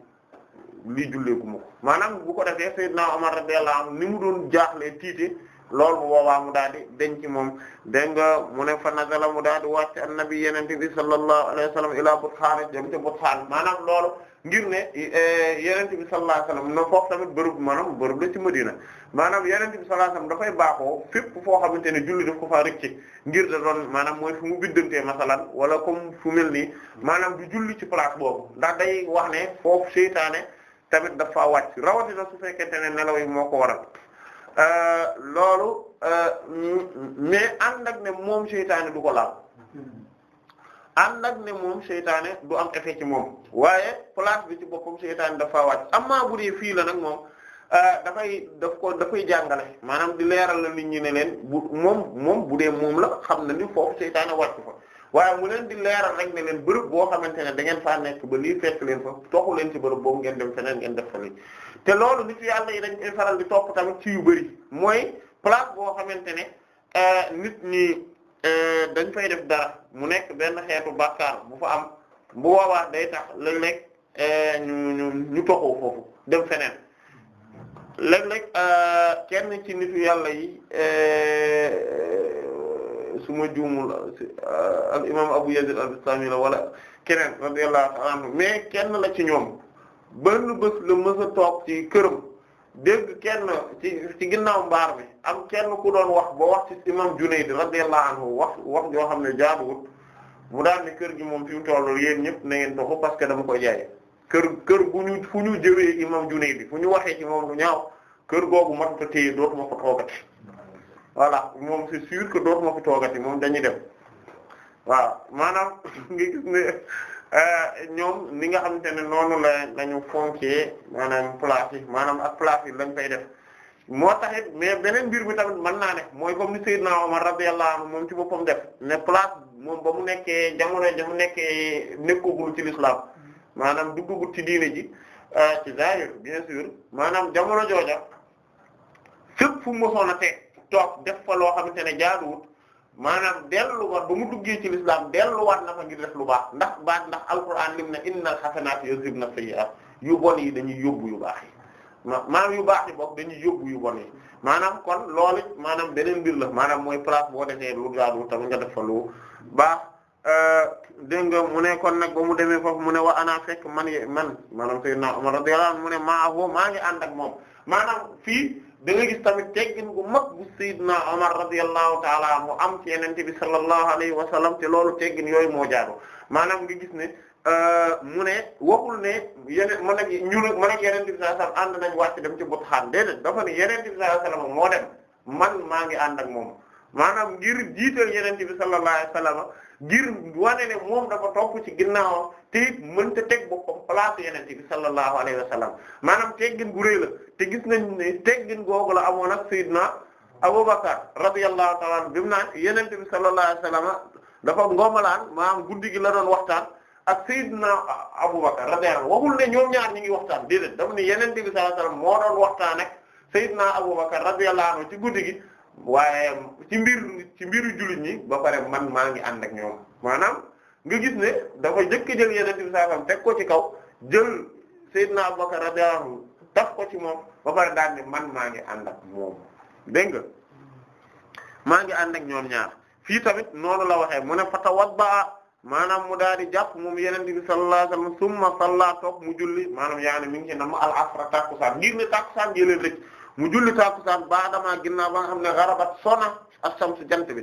lii julleeku ma ko maanaam bu ko defee sayyidna Umar radiyallahu anhu ni mu doon jaaxlee tiite loolu bu boobaa mu daal di denc moom dégg nga mu ne fa nazala mu daal di wàcc annabi yenente bi sallallahu alayhi wasallam ilaa butxaana jëm ca butxaan maanaam loolu ngir ne eh, yenente bi sallallahu alayhi wasallam na foofu tamit bërëb maanaam bërëb la ci Madina maanaam yenente bi sallallahu alayhi wasallam dafay baaxoo fépp foo xamante ne julli daf ko faa rëcc ngir da doon maanaam mooy fu mu biddantee masalan wala comme fu mel nii maanaam du julli ci place boobu ndax day wax ne foofu seytaane tamit dafa faa wàcc rawatina su fekkente ne nelaw yi moo ko waral eh, loolu eh, mais ànd ak ne moom seytaane du ko laal ànd ak ne moom seytaane du am effet ci moom waaye place bi ci boppam seytaane dafa wàcc amaa bu dee fii la nag moom euh, dafay daf ko dafay jàngale maanaam di leeral la nit ñi ne leen bu moom moom bu dee moom la xam na ni foofu seytaane wàcc fa waaye mu leen di leeral rek ne leen bërëb boo xamante ne da ngeen faa nekk ba lii fekk leen fa toxu leen ci bërëb boobu ngeen dem feneen ngeen def fa lii te loolu nit yàlla yi dañ koy faral di topp tamit ci yu bari mooy place boo xamante ne euh, nit ñi. Euh, dañ fay def dara mu nekk benn xeetu bàkkaar bu fa am bu boobaa day tax léeg-léeg euh, ñu ñu ñu toxoo foofu dem feneen léeg-léeg euh, kenn ci nitu yàlla yi su ma juumul al imam Abu Yazid al-Bistami la wala keneen radiyallahu anhu mais kenn la ci ñoom benn bés la mës a toog ci këram dégg kenn ci ci ginnaaw mbaar bi am kenn ku doon wax ba wax ci imam Junayd radiyallahu anhu wax wax yoo xam ne jaaduwul mu daal ne kër gi moom fi mu toll yéen ñëpp na ngeen toxu parce que dama koy jaay kër kër gu ñu fu ñu jëwee imam Junayd bi fu ñu waxee ci moom lu ñaaw kër googu matut a téye dootuma fa toogati voilà moom si sûr que dootuma ko toogati moom dañuy dem waaw maanaam nga euh, ñoom ni nga xamante ne noonu la lañu fonkee maanaam place yi maanaam ak place yi lañ fay def. moo taxit mais beneen mbir mi tamit mën naa ne mooy comme ni Seydina Omar radiyallahu anhu moom ci boppam def ne place moom ba mu nekkee jamono ja mu nekkee nekkagul ci l'islam maanaam duggagul ci diine ji euh, ci zahir bien sûr maanaam jamono jooja fépp fu mu mosoon a teg toog def fa loo xamante ne jaaduwut maanaam delluwaat ba mu duggee ci l'islam delluwaat na fa ngir def lu baax ndax baax ndax alquran lim na innal xasanaati yuzhibna sayyi'aat yu bon yi dañuy yóbbu yu baax maanaam yu baax yi bokk dañuy yóbbu yu bon yi maanaam kon loolu maanaam beneen mbir la maanaam mooy place boo defee lu jaadu tamit nga def fa lu baax euh, dégg nga mu ne kon nag ba mu demee foofu mu ne wa anaa fekk man ye man maanaam sayyidna Umar radiyallahu anhu mu ne maa woo maa ngi ànd ak moom maanaam fii da nga gis tamit teggin ku mag bu sayyidna Umar radiyallahu ta'ala anhu am ci yenente bi sallallahu alayhi wa sallam te loolu teggin yooyu moo jaadu maanaam gis ne Euh, mu ne waxul ne yeneen man ak ñun man ak yeneen bi sallallahu alayhi wasallam ànd nañ wàcc dem ci Buthaan déedéet dafa ne yeneen bi sallallahu alayhi wasallam moo dem man maa ngi ànd ak moom maanaam ngir jiital yeneen bi sallallahu alayhi wasallam ngir wane ne moom dafa topp ci ginnaawam te it te teg boppam place yeneen bi sallallahu alayhi wasallam maanaam teggin gu rëy la te gis na ne teggin googu la amoon ak Seydina Abubakar radiyallahu ta'ala anhu bi mu naan yeneen bi sallallahu alayhi wasallam dafa ngomalaan ak Seydina Aboubacar radiyallahu waxul ne ñoom ñaar ñi ngi waxtaan déedéet dafa ne yeneen bi sallallahu alayhi wasallam moo doon waxtaan ak Seydina Aboubacar radiyallahu anhu ci guddi gi waaye ci mbir ci mbiru julit ñi ba pare man maa ngi ànd ak ñoom maanaam nga gis ne dafa jëkk jël yeneen bi sallallahu alayhi wasallam teg ci kaw jël Seydina Aboubacar radiyallahu anhu daf ko ci moom ba pare daal ne man maa ngi ànd ak moom dégg nga maa ngi ànd ak ñoom ñaar fii tamit noonu la waxee mu ne fatawadda maanaam mu daal di jàpp moom yeneen bi sallallahu alayhi wasallam summa salla toog mu julli maanaam yaa ne mi ngi ci nam al ta tàkkusaan ngir ne tàkkusaan gi leen rek mu julli tàkkusaan ba damaa ginnaaw ba nga xam ne garabat sona as-shams jant bi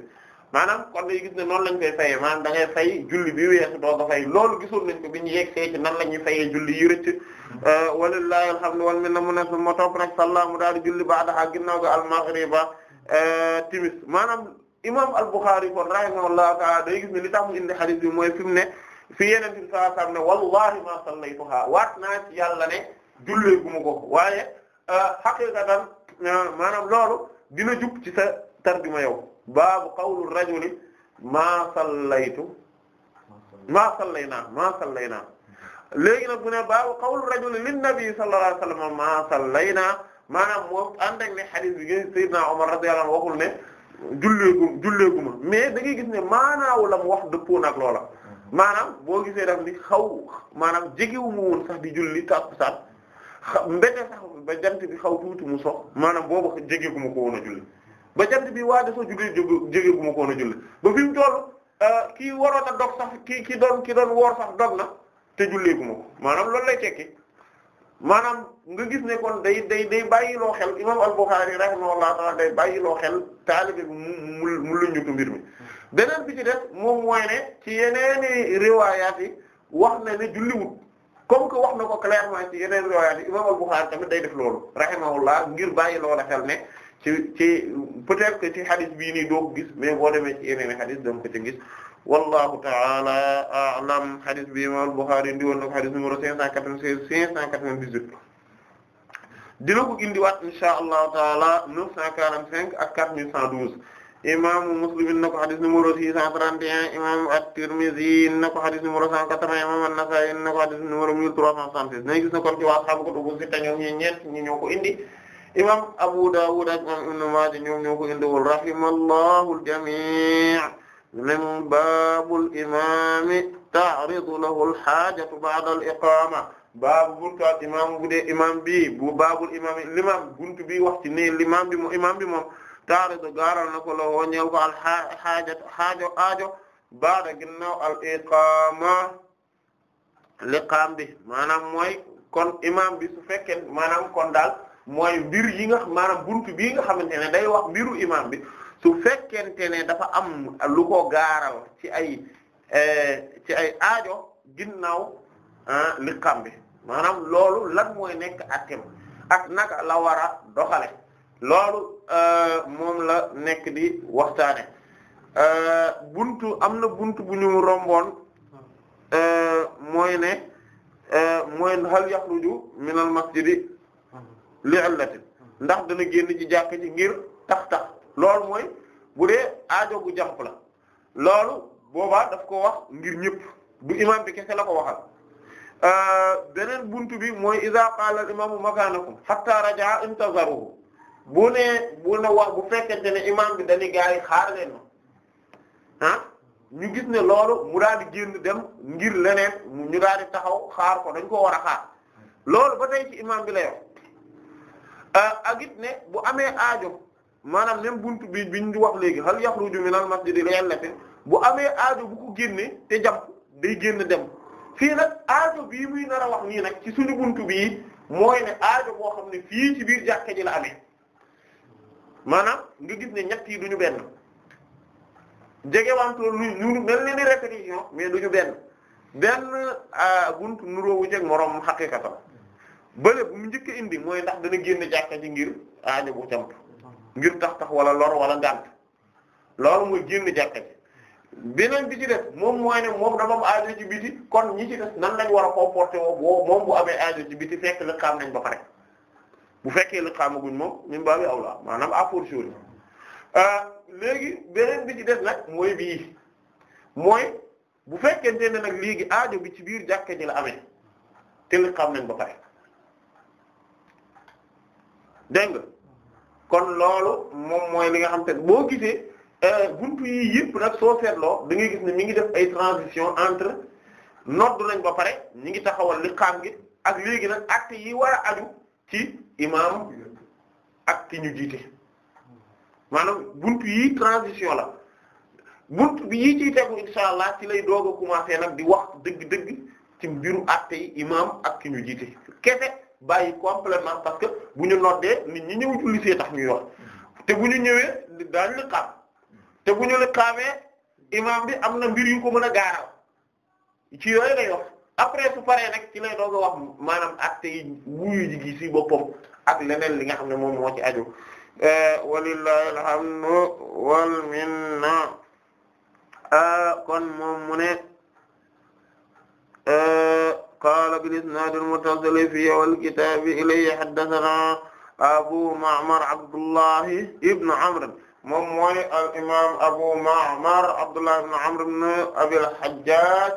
maanaam kon day gis ne noonu lañ koy fayee maanaam da ngay fay julli bi weesu doo ko fay loolu gisoon nañ ko bi ñu yegg see ci nan la ñuy fayee julli yi rëcc euh, walillahi alhamdu wal na mu ne summa topp nag salla mu daal di julli ba'da ginnaaw ga al maghriba euh, timis maanaam imam al-Bukhari kon rahimahullahu ta'ala day gis ne li tax mu indi hadith bi mooy fi mu ne fi yeneen bi sallallahu alayhi wasallam ne wallahi ma sallaytuha waat naa ci yàlla ne jullee gu ma ko waaye euh, haqiqatan euh, maanaam loolu dina jub ci sa tarjuma yow baabu qawlu rajuli ma sallaytu ma sallaynaa ma sallaynaa léegi nag mu ne baabu qawlu rajuli lin nabi sallallahu alayhi wasallam ma sallaynaa maanaam moom ànd ak ne hadith bi gis Seydina Omar radiyallahu anhu waxul ne julleegu julleeguma mais da ngay gis ne maanaawu la mu wax dëppoo nag loola maanaam boo gisee daf ni xaw maanaam jegewuma woon sax di julli tàkkusaan mbete sax ba jant bi xaw tuuti mu sox maanaam boobu jegeguma ko woon a julli ba jant bi waa dafa julli jegeguma ko woon a julli ba fi mu toll euh, kii waroon a dog sax ki doon ki doon woor sax dog na te julleeguma ko maanaam loolu lay tekki maanaam nga gis ne kon day day day bàyyiloo xel imam al-Bukhari rahimahullah ta'ala day bàyyiloo xel taalibe bi mu mu mu luñutu mbir mi beneen bi ci def moom mooy ne ci yeneeni riwaayaat yi wax na ne julliwut comme que wax na ko clairement ci yeneen riwaayaat yi imam al-Bukhari tamit day def loolu rahimahullah ngir bàyyi loola xel ne ci ci peut-être que ci hadith bii nii doo ko gis mais boo demee ci yeneeni hadith doo ko ci gis wallahu ta'ala a'lam hadith bi imam Bukhari indi woon na ko hadith numéro 596 598 dina ko indiwaat insha allahu taala 945 ak 4112 imam Muslim indi na ko hadith numéro 631 imam At-Tirmidhi indi na ko hadith numéro 180 imam An-Nasa'i indi na ko hadith numéro 1376 nañ gis na kon ci waa xam ko dugg ci tañu ñi ñeent ñi ñoo ko indi imam Abu Dawud ak imam Ibn Majah ñoom ñoo ko indiwul rahimallahu al-jami' même baabul imaami lahu al-haajatu ba'da baabu buntu imaam bu dee imaam bi bu baabul imaami limaam buntu bi wax ci ne bi moom imaam bi moom ta'ridu gaaral na ko lawoo ñëw ko al aajo ba'da ginnaaw al maanaam mooy kon imaam bi su fekkee maanaam kon daal mooy biir yi nga maanaam buntu bii nga xamante ne day wax mbiru imaam bi su fekkente ne dafa am lu ko gaaral ci ay eh, ci ay aajo ginnaaw ah, liqam maanaam loolu lan mooy nekk attem ak naka la war a doxale loolu eh, moom la nekk di waxtaane eh, buntu am na buntu bu ñu romboon mooy ne mooy hal yaxruju min al masjidi li illatin ndax dana génn ci jàkk ci ngir tax tax loolu mooy bu dee aajo gu jàpp la loolu boobaa daf ko wax ngir ñëpp du imam bi kese la ko waxal euh, beneen bunt bi mooy iza qala al imamu makanakum hatta rajaa intazaruhu bu ne bu ne wax bu fekkente ne imam bi dañu gaa yi xaar leen ma ah ñu gis ne loolu mu daal di génn dem ngir leneen ñu daal di taxaw xaar ko dañ ko war a xaar loolu ba tey ci imam bi la yor euh, ak ne bu amee aajo maanaam même buntu bi bi ñu wax léegi mi hal di minal ne li bu amee aajo bu ko génne te jàpp day génn dem fii nag aajo bii muy nar a wax nii nag ci suñu bunt bii mooy ne aajo boo xam ne fii ci biir jàkka ji la amee maanaam nga gis ne ñett yi duñu benn jegewanto lu ñu mel ne ni répétition mais duñu benn benn buntu nuróowu jeg moroom xaqiqatam bële bu mu njëkk indi mooy ndax dana génn jàkka ji ngir aajo bu jàpp ngir tax tax wala lor wala ngànt loolu mooy génn jàkka ji beneen bi ci def moom mooy ne moom dafa am aajo ci kon ñi ci des nan lañ war a comporter woo boo moom bu amee aajo ci biti fekk lëkkaam nañ ba pare bu fekkee lëkkaamaguñ moom min baabi awla maanaam à fortiori euh, léegi beneen bi ci def nag mooy bii mooy bu fekkente ne nag léegi aajo bi ci biir jàkka ji la amee te lëkkaam nañ ba pare dégg nga kon loolu moom mooy li nga xam te boo gisee euh, buntu yi yëpp nag soo seetloo da ngay gis ne mi ngi def ay transition entre noddu nañ ba pare ñi ngi taxawal li xaam gi ak léegi nag acte yi war a aju ci imaam ak ki ñu jiite maanaam buntu yi transition la buntu bi yi ciy tegu insha allah ci lay doog a commencer nag di wax dëgg-dëgg ci mbiru acte yi imaam ak ki ñu jiite kese bàyyi complètement parce que bu ñu noddee nit ñu ñëw julli see tax ñuy wax te bu ñu ñëwee daañu li xaam te bu ñu li xaamee imaam bi am na mbir yu ko mën a gaaral ci yooyu lay wax après su paree nag ci lay doog a wax maanaam acte yi wuyu ji gi ci boppam ak leneen li nga xam ne moom moo ci aju euh, walillahi alhamdu wal minna euh, kon moom mu ne euh, qaala bil-isnaadi al-muttasili fii wal-kitaabi ilayhi haddasanaa Abu Ma'mar Abdullahi Ibn Amr moom mooy al-imaam Abu Ma'mar Abdullahi Ibn Amr ibn Abil Hajjaaj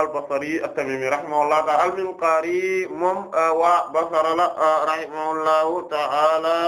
al-Basri at-Tamiimi rahimahullahu ta'aala al-Minqaari moom uh, waa Basra la uh, rahimahullahu ta'aala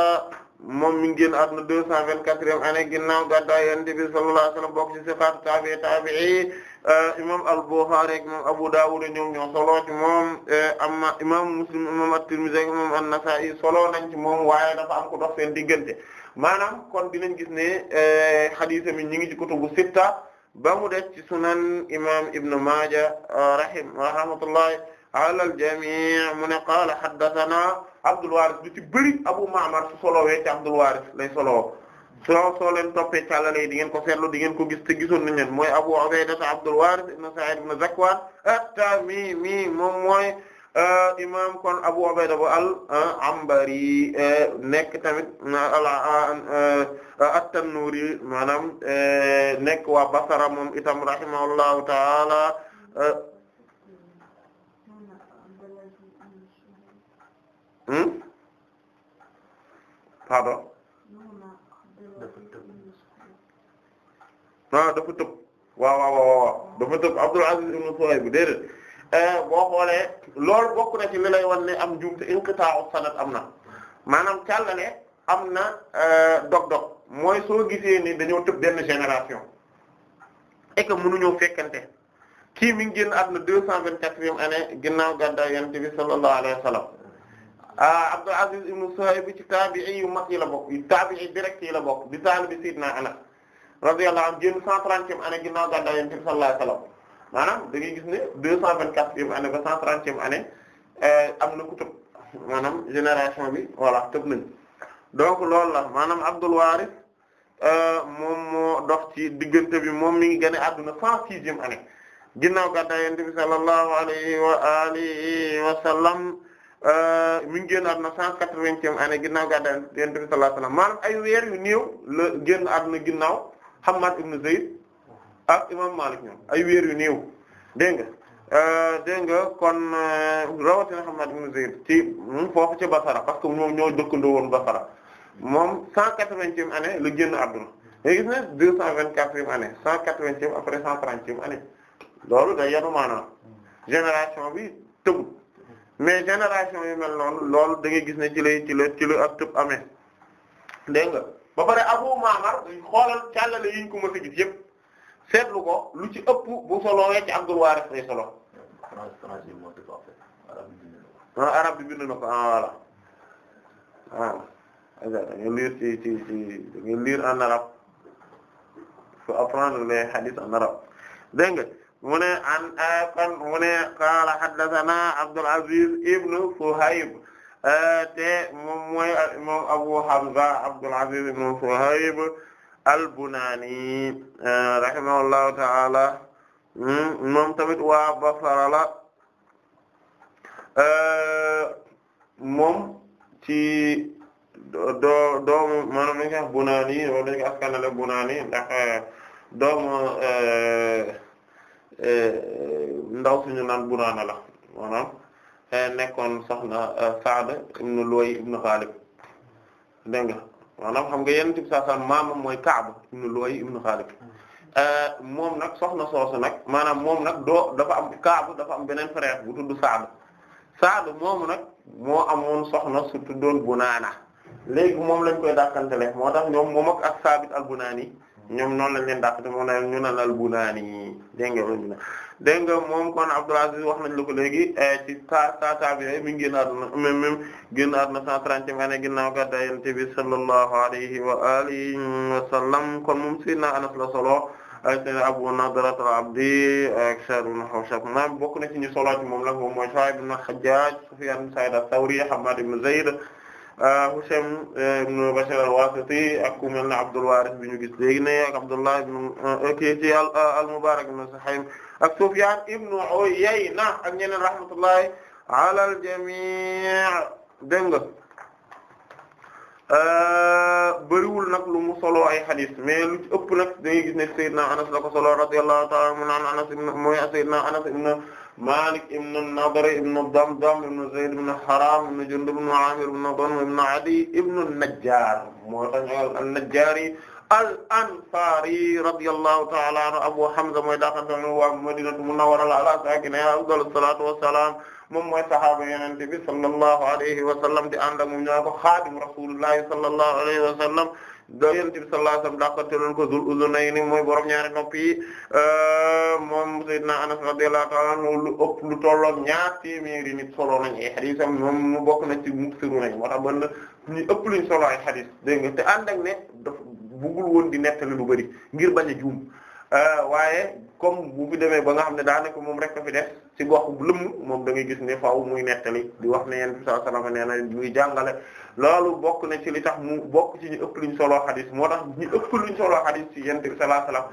moom mi ngi génn àdduna deux cent vingt-quatrième année ginnaaw gàddaay Yonent bi sallallahu alayhi wasallam bokk ci taabi taabii euh, imam al-Bukhari ak imam Abu Dawud ñoom ñoo solo moom euh, amma imam Muslim imam at-Tirmidhi ak imam an-Nasa'i nañ moom waaye dafa am ko dox seen diggante maanaam kon dinañ gis ne hadith euh, mi ñi ngi ci kutubu sitta ba mu des ci sunan imam Ibn Maaja rahim rahmatullahi ala al mu ne qaala haddathana Abdul Waaris bi ci bëri Abu Ma'mar solowee ci Abdul Waaris lay solowoo soo soo leen toppee càllale di ngeen ko seetlu di ngeen ko gis te gisoon nañ leen mooy Abu Ubayda Abdul Waaris ibn Sa'id ibn Zakwan at-Tamimi moom mooy euh, imam kon Abu Ubayda bu al-Anbari euh, nekk tamit euh, at-Tanuri maanaam nekk waa Basra moom itam rahimahullahu ta'ala hum pardon ah dafa tëb waaw waaw waaw dafa tëb Abdul Aziz ibn Suhayb bi déedéet euh, boo xoolee loolu bokk na ci li lay wan ne am jumte inqita'u sanad am na maanaam càllale am na euh, dog-dog mooy soo gisee nii dañoo tëb den génération et que mënuñoo fekkante kii mi ngi génn na deux cent vingt-quatrième année ginnaaw gàddaay Yonent bi sallallahu alayhi wa sallam Ah, Abdul Aziz ibn Suhayb ci taabi'i yu mag yi la bokk taabi'i direct yi la bokk di taalibi Sayyidina Anas radiyallahu anhu génn 130e année ginnaaw gàddaay Yonent bi sallallahu alayhi wa sallam maanaam da ngay gis ne 224e année ba 130e année eh, am na ku tëb maanaam génération bi voilà tëb donc loolu la maanaam Abdul Waaris eh, moom moo dox ci diggante bi moom mi ngi gën a adduna 106e année ginnaaw gàddaay Yonent bi alayhi wa alihi wa Euh, mi ngi génn àdduna cent quatre-vingtième année ginnaaw gàddaay Yonent bi sallallahu alayhi wasallam ay weer yu néew la génn àdduna ginnaaw Hammad ibn Zayd ak imam Malik ñoom ay weer yu néew dégg nga euh, dégg nga kon euh, rawatina Hammad ibn Zayd ci hmm, foofu ci Basara parce que moom ñoo dëkkandoo woon Basara moom cent quatre-vingtième année la génn àdduna léegi gis ne deux cent vingt-quatrième année cent quatre-vingtième après cent trentième année loolu day yanu maanaam mais génération yu mel noonu loolu da gis ne ci lay ci la ak tëb amee dégg ba pare Abu Ma'mar xoolal yi yiñ ko mën a gis yëpp seetlu ko lu ci ëpp bu solowee ci Abdul Waaris lay solo ah arab bi na ko ah voilà waaw ah, da nga lire ci ci ci da nga lire en arabe faut apprendre les hadith en arabe dégg mu ne an kon mu ne qaala haddathana Abdul Aziz ibn Suhayb e, te moom mooy moom Abu Hamza Abdul Aziz ibn Suhayb al-Bunani e, rahimahullahu ta'ala hmm, moom tamit waa Basra la e, moom ci doo doomu maanaam nañu ko wax Bunani wala dañu ko askanale Bunani ndax doomu E, ndaw suñu naan Buraana la maanaam e, nekkoon soxna e, Saada ibnu Luway ibnu Xaalib dégg nga maanaam xam nga yenn ci saa saan maamam mooy Kaab ibnu Luway ibnu Xaalib moom nag soxna soosu nag maanaam moom nag doo dafa am kaabu dafa am beneen frère bu tudd Saada Saada moomu nag moo amoon soxna su tuddoon Bunaana léegi moom lañ koy dàkkantele moo tax ñoom moom ak ak Saabit al-Bunaani ñoom noonu lañ leen dàq te moom la ñu naan al-Bunani dégg nga al-Bunani dégg nga moom kon Abdul Aziz wax nañ la ko léegi eh, ci ta ta tabi mi ngi génnaat na même même génnaat na cent trentième année ginnaaw gàddaay Yonent bi sallallahu wa alihi wa sallam kon moom Seydina Anas la solo ak eh, Seydina Abu Nadrat al-Abdi eh, ak Shahr ibn Hawshab maanaam bokk na ci ñu solo ci moom la moom mooy Shu'ayb ibn al-Hajjaj Sufyan ibn Sa'id ath Hammad ibn Zayd Euh, Husaym euh, ibn Bashir al-Wasiti ak ku mel ne Abdul Waris bi ñu gis léegi ne ak Abdullah ibn euh, kii ci al-Mubarak ibn Sahaym ak Sufyan ibn Uyayna ak ñeneen rahmatullahi ala al-jami' dégg nga bëriwul nag lu mu solo ay hadith mais lu ci ëpp nag da ngay gis ne Seydina Anas la ko solo radiyallahu ta'ala anhu mooy Seydina Anas ibn Malik ibn an-Nadr ibn Damdam ibn Zayd ibn Haram ibn Jundub ibn Amir ibn Ghanm ibn Adi ibn an-Najjar moo tax an-Najjari al-Ansari radiyallahu ta'ala anhu Abu Hamza mooy daaxantami waa Madinatu Munawwara ala saakinihaa afdalu salaatu wa salaam moom mooy sahaaba Yonent bi sallallahu alayhi wa sallam di ànd ak moom ñaa ko xaadim Rasulullahi sallallahu alayhi wa sallam do yonent bi sallallahu alayhi wasallam dàqanteeloon ko Zul ni mooy borom ñaari nopp yi euh, moom Seydina Anas radiyallahu ta'ala anhu lu ëpp lu tolloog ñaar téeméeri nit solo nañu ay xadis moom mu bokk na ci muksiru nañ moo tax mën na ñu ëpp luñ solo ay xadis dégg nga te ànd ak ne dafa bëggul woon di nettali lu bari ngir bañ a juum Euh, waaye comme bu fi demee ba nga xam ne daanaka moom rek a fi def ci gox bu lëmm moom da ngay gis ne faaw muy nettali di wax ne yonent bi sallallahu alayhi wasallam nee na muy jàngale loolu bokk na ci li tax mu bokk ci ñu ëpp luñ solo xadis moo tax ëpp luñ solo xadis ci yonent bi sallallahu alayhi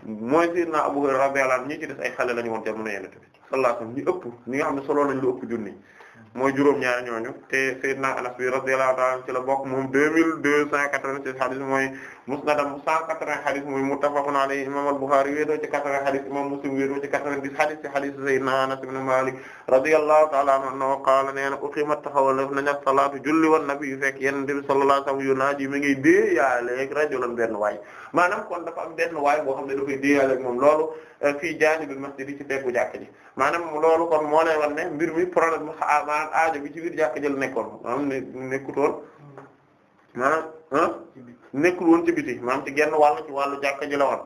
wasallam mooy Sayyidina Abu Hurayra radiyallahu anhu ñi ci des ay xale lañu woon jamono yonent bi sallallahu alayhi wasallam ñu ëpp ñi nga xam ne solo lañ lu ëpp junni mooy juróom-ñaari ñooñu te Sayyidina Anas bi radiyallahu anhu ci la bokk moom deux mille deux cent quatre-vingt-six mooy musnadam 180 hadith muy muttafaqun alayhi imam al-Bukhari wéetoo ci 80 hadith imam Muslim wéetoo ci 90 hadith ci hadith Sayyidina Anas ibn Malik radiyallahu ta'ala anhu qaala nee na uqimat taxawal def nañu salaatu julli wan nabi yu fekk yonent bi sallallahu alayhi wasallam yu naaji mi ngi déeyaaleeg rajulan benn waay maanaam kon dafa am benn waay boo xam ne dafay déeyaaleeg moom loolu eh, fii jaanibil masjid yi ci teggu jàkk ji maanaam loolu kon moo lay wan ne mbir mi problème maanaam aajo bi ci biir jàkk ji la nekkoon maanaam ne nekkutoon maanaam nekkul woon ci biti maanaam ci genn wàll ci wàllu jàkka ji la woon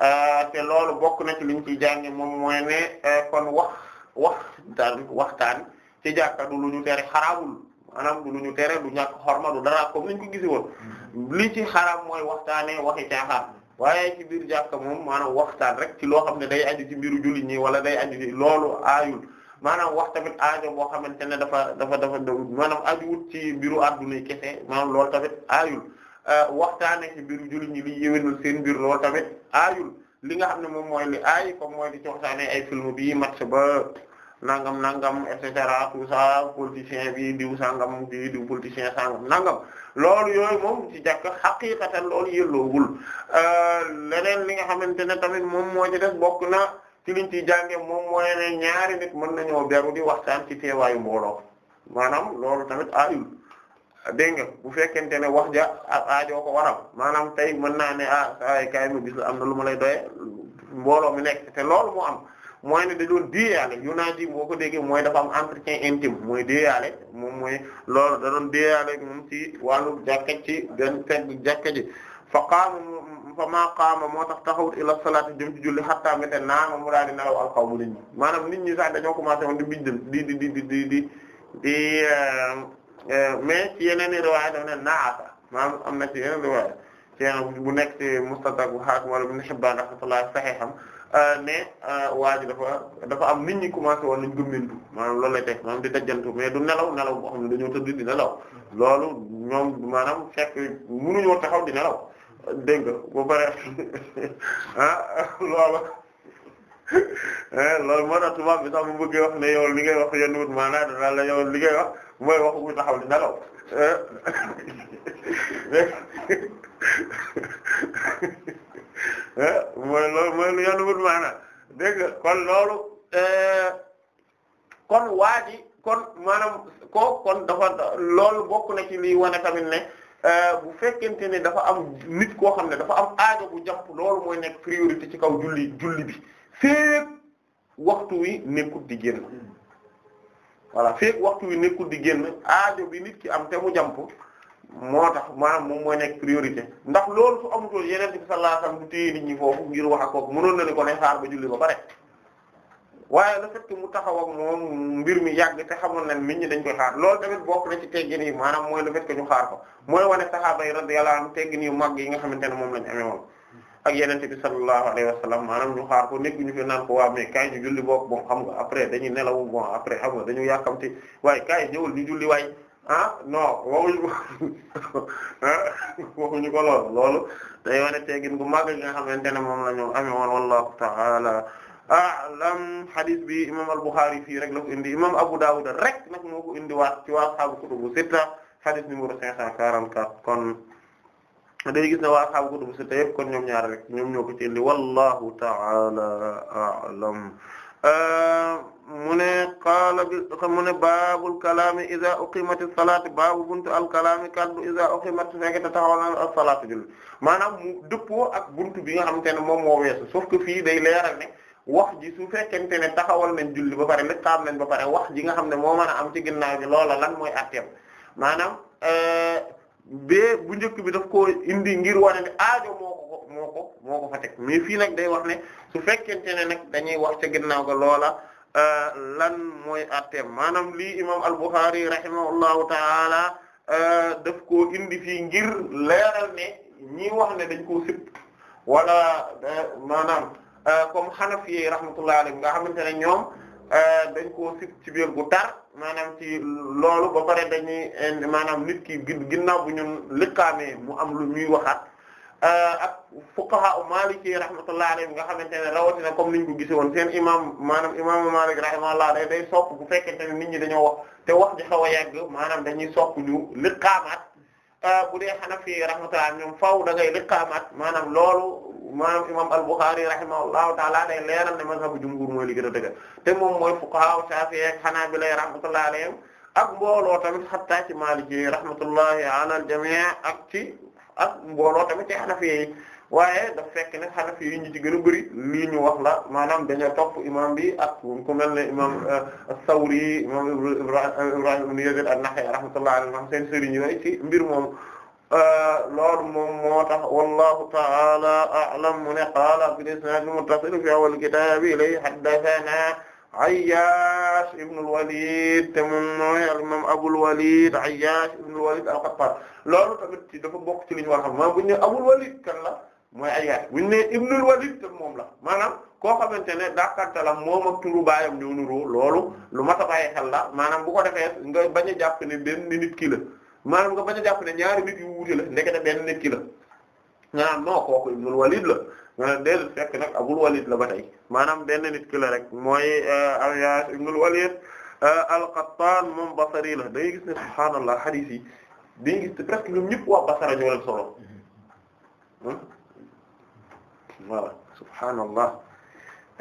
euh, te loolu bokk na ci liñ ciy jànge moom mooy ne euh, kon wax waxtaan waxtaan ci jàkka du lu ñu tere xaraamul maanaam du lu tere du ñàkk xorma du dara comme niñ ko gisi woon mm-hmm. li ci xaraam mooy waxtaane waxi caaxaan waaye ci biir jàkka moom maanaam waxtaan rek ci loo xam ne day aju ci mbiru jullit ñi wala day aju ci loolu aayul maanaam wax tamit aajo boo xamante ne dafa dafa dafa maanaam ajuwut ci mbiru adduna kese maanaam loolu tamit aayul euh, waxtaanee ci mbiru jullit ñi li yéwénal mbir loolu tamit aayul li nga xam ne moom mooy li aay comme mooy di ci ay film bi match ba nangam nangam et cetera tout ça politicien bi diw sangam bi diw politicien sangam nangam loolu yooyu moom ci jàkk xaqiqatan loolu yëlloowul euh, leneen li nga xamante ne tamit moom moo ci def bokk na. ci liñ ciy jànge moom mooy ne ñaari nit mën nañoo beru di waxtaan ci teewaayu mbooloo maanaam loolu tamit ayul ah, dégg nga bu fekkente ne wax ja aajoo ko waral maanaam tey mën naa ne ah saa kay ma gis am na lu ma lay doye mbooloo mi nekk te loolu moo am mooy ne dañoon déeyaale yu naa ji boo ko déggee mooy dafa am entretien intime mooy déeyaale moom mooy loolu da doon déeyaale moom ci wàllu jàkka ci benn fekk jàkka ji fa maa qaama moo tax taxawut ila salaati jëm ci julli hatta mbete naama mu daal di nelaw alqawmu nit ñi maanaam nit ñi sax dañoo commencé woon di biddal di di di di euh, mais yeneen i riwaaya daf ne naata maanaam am na ci yeneen riwaaya ci bu nekk ci Mustadrak bu Haakim wala Ibn Hibbaan rahmatullahi sahiham euh, ne euh, waa ji dafa dafa am nit ñi commencé woon nañ gëmmintu maanaam loolu lay teg maanaam di dajjantu mais du nelaw nelaw boo xam ne dañoo di nelaw loolu taxaw di nelaw dégg nga ba pare ah loolu eh loolu moo tax tubaab bi sax mu bëggee wax ne yow li ngay wax yenn wut maanaam daal la yow li wax mooy wax bu taxaw di nelaw eh eh mooy loolu mooy yenn wut maanaam dégg nga kon loolu kon waa kon maanaam kooku kon dafa loolu bokk na ci liy wane tamit ne. Euh, bu fekkente ne dafa am nit koo xam ne dafa am aajo bu jàpp loolu mooy nekk priorité ci kaw julli julli bi féeg waxtu wi nekkut di génn voilà féeg waxtu wi nekkut di génn aajo bi nit ki am te mu jàpp moo tax maanaam moom mooy nekk priorité ndax loolu su amutoon yeneen bi sallallahu alayhi wasallam du téye nit ñi foofu ngir wax ak kooku mënoon na ni ko ne saar ba julli ba pare. waaye le fait mu taxaw ak moom mbir mi yàgg te xamoon nañ nit ñi dañ koy xaar lool tamit bokk na ci teggin yi maanaam mooy le fait que ñu xaar ko mooy wane sahaaba yi radiyallahu anhum teggin yu màgg yi nga xamante ne moom lañ amee woon ak bi sallallahu alayhi wa sallam maanaam ñu xaar ko nekk ñu fi naan ko waa mais kaay ñu julli bokk bon xam nga après dañuy nelawu bon après xam nga dañu yàkkamti waaye kaay ñëwul ñu julli waay ah non waxuñu ko ah waxuñu ko loolu loolu day wane teggin gu màgg yi nga xamante ne moom la ñu amee woon wallahu ta'ala a'lam hadith bi imam al-Bukhari fii rek la ko indi imam Abu Dawud rek nag moo ko indi waat ci waa ashaabu kutubu sitta hadith numéro 544 kon day gis ne waa ashaabu kutubu sitta yëpp kon ñoom ñaar rek ñoom ñoo ko ci indi wallahu ta'ala a'lam mu ne qaala bi mu ne baabul kalaami iza uqimati salaatu baabu buntu al kalaami kaddu iza uqimati fekk taxawal na as-salaatu julli maanaam mu dëppoo ak buntu bi nga xamante ne moom moo weesu sauf que fii day ne wax ji su fekkente ne taxawal nañ julli ba pare liqaam nañ ba pare wax ji nga xam ne moom mën a am ci ginnaaw bi loola lan mooy atteem maanaam euh, bee bu njëkk bi daf koo indi ngir wane ne aajo moo ko moo ko ko teg mais fii nag day wax ne su fekkente ne nag dañuy wax ca ginnaaw ga loola euh, lan mooy atteem maanaam lii imam al-Bukhari rahimahullahu taala euh, def ko indi fii ngir leeral ne ñi wax ne dañ koo sib wala maanaam Euh, comme Hanafi yi rahmatullahi alayhim nga xamante ne ñoom euh, dañ koo sib ci biir gu tar maanaam ci loolu ba pare dañuy euh, maanaam nit ki ginnaaw bu ñun lëkkaamee mu am lu ñuy waxaat ak fuqaha Maliki rahmatullahi alayhim nga xamante ne rawatina comme niñ ko gise woon seen imam maanaam imaamu Malik rahimahullah day day sopp bu fekkente ne nit ñi dañoo wax te wax a yàgg maanaam dañuy sopp ñu lëkkaamaat bu dee Hanafi rahmatullahi ñoom faaw da ngay lëkkaamaat loolu maanaam imam al-Bukhari rahimahullahu taala day leeral ne mazhabu jumhur mooy li gën a dëgg te moom mooy fuqaha Shafi'i ak Hanabila rahmatullahi alayhim ak mbooloo tamit xatta ci Maliki rahmatullahi ala al ak ci ak mbooloo tamit ci Hanafi yi waaye daf fekk ne Hanafi yi ñu ci gën a bëri lii ñu wax la maanaam dañoo topp imam bi ak ku mel ne imam euh, as-Sawri imam Ibrahim ibn Yazid an-Nakha'i rahmatullahi alayhi seen sëriñ yooyu ci mbir moom Euh, loolu moom moo tax wallahu ta'ala a'lam mu ne qaala bil isnaad al-muttasil fi awwal kitaab ilayhi haddathanaa Ayyaash ibn al-Walid te moom mooy al-imaam Abul Walid Ayyaash ibn al-Walid al-Qattaan loolu tamit ci dafa bokk ci li ñu war a xam maanaam bu ñu nee Abul la mooy Ayyaash bu ñu nee ibn al te moom la maanaam koo xamante ne dàqante la moom ak turu baayam ñoo nuru loolu lu ma a bàyyi maanaam bu ko defee nga bañ a jàpp ne benn nit ki la. maanaam nga bañ a jàpp ne ñaari nit yu wuute la ndekete benn nit ki la maanaam non kooku Ibnul Walid la maanaam déedéet fekk nit ki la rek mooy euh, Ayyash Ibnul Walid euh, al-Qattan moom Basri la day gis ne subhaanallah hadith yi dañuy gis presque ñoom ñëpp waa Basra ñoo leen solo hmm? subhaanallah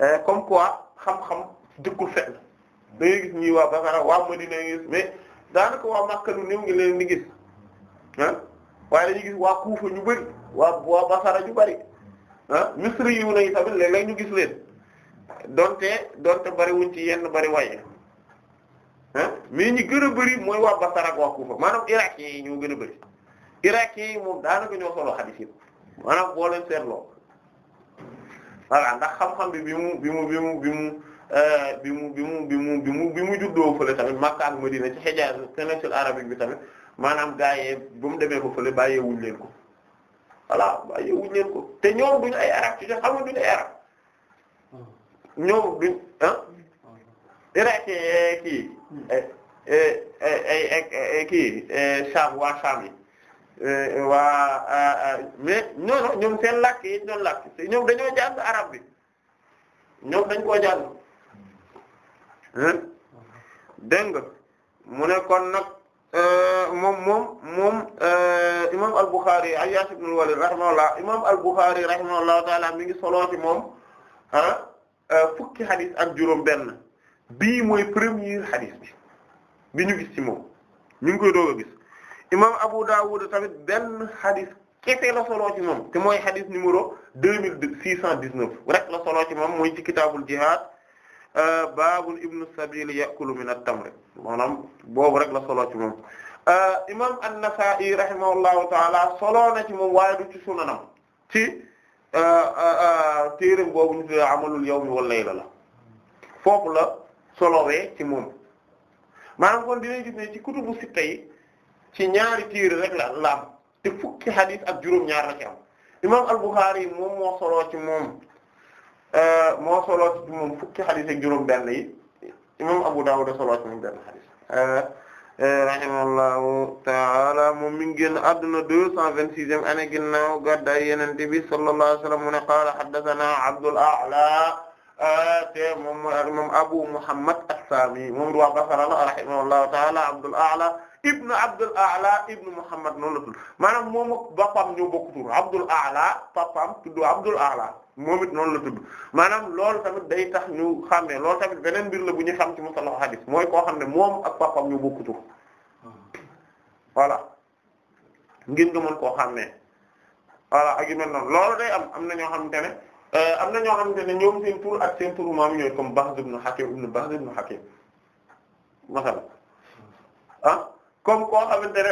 euh, comme quoi xam-xam dëkkul fenn da gis ñii waa Basra waa Madina gis mais. daanaka waa Makka lu néew ngi leen di gis ah waaye dañuy gis waa Kufa ñu bëri waa waa Basara ñu bëri ah Misri yi nañu tamit léeg-léeg ñu gis leen donte donte bëriwuñ ci yenn bëri waaye ah mi ñi gën a bëri mooy waa Basara ak waa Kufa maanaam Irakiens yi ñoo gën a bari Irakiens yi moom daanaka ñoo solo xadiis yi maanaam boo leen seetloo voilà ndax xam-xam bi bi mu bi mu bi mu. Euh, bi mu bi mu bi mu bi mu bi mu juddoo fële tamit Makka ak Madina ci Hijaz péninsule arabique bi tamit maanaam gaa yee ba mu demee ko fële bàyyee wuñ leen ko voilà bàyyee wuñ leen ko te ñoom duñu ay arab ci xam nga duñu ay arab ñoom duñ ah Irakien eh, kii ay eh, eh, kii Sham waa Sham yi waa mais ñoono ñoom seen làkk yi ñoom làkk ñoom dañoo jàng arab bi ñoom dañ koo jàng Hmm? dégg nga mu ne kon nag euh, moom moom moom euh, imam al-Bukhari Ayyaash ibn al-Walid rahimahullah imam al-Bukhari rahimahullahu taala mi ngi solo moom ah euh, fukki hadith ak juróom benn bii mooy premier hadith bi bi ñu gis ci moom ñu koy doog a gis imam Abu Dawud tamit benn hadith kese la solo moom te mooy hadith numéro deux mille six cent dix-neuf rek la solo ci moom mooy ci kitaabul jihaad Euh, baabul ibnu sabil yakulu min at-tamr maanaam boobu rek la solo ci moom euh, imam an-Nasa'i rahimahullahu taala solo na ci moom waaye du ci sunanam ci euh, téeram boobu ñu tuddee amalul yawmi wal layla la foofu la solowee ci moom maanaam ci kutubu sitta ci ñaari téere rek la la am fukki hadith ak juróom-ñaar la ci am imam al-Bukhari moom moo solo ci moom Euh, moo solo ci moom fukki xadis ak juróom benn yi imam Abu Dawud solo ci moom benn xadis euh, euh, rahimahullahu taala moom mi ngi génn adduna deux cent vingt-sixième année ginnaaw gàddaay Yonent bi sallallahu alayhi wa sallam mu ne qaala haddathana Abdul A'la te moom mooy imam Abu Muhammad as-Sami moom waa Basra la rahimahullahu taala Abdul A'la ibnu Abdul A'la ibnu Muhammad noonu la tudd maanaam moom ak bapam ñoo bokk tur Abdul A'la papam tudd Abdul A'la moom it noonu la tudd maanaam loolu tamit day tax ñu xàmmee loolu tamit beneen mbir la bu ñu xam ci mustalah hadith mooy koo xam ne moom ak papam ñu bokk tur voilà ngir nga mën koo xàmmee voilà ak yu mel noonu loolu day am am na ñoo xam ne euh, am na ñoo xamante ne ñoom seen tur ak seen turu maam ñooy comme Bahz ibn Hakim ibn Bahz ibn Hakim masal ah comme koo xamante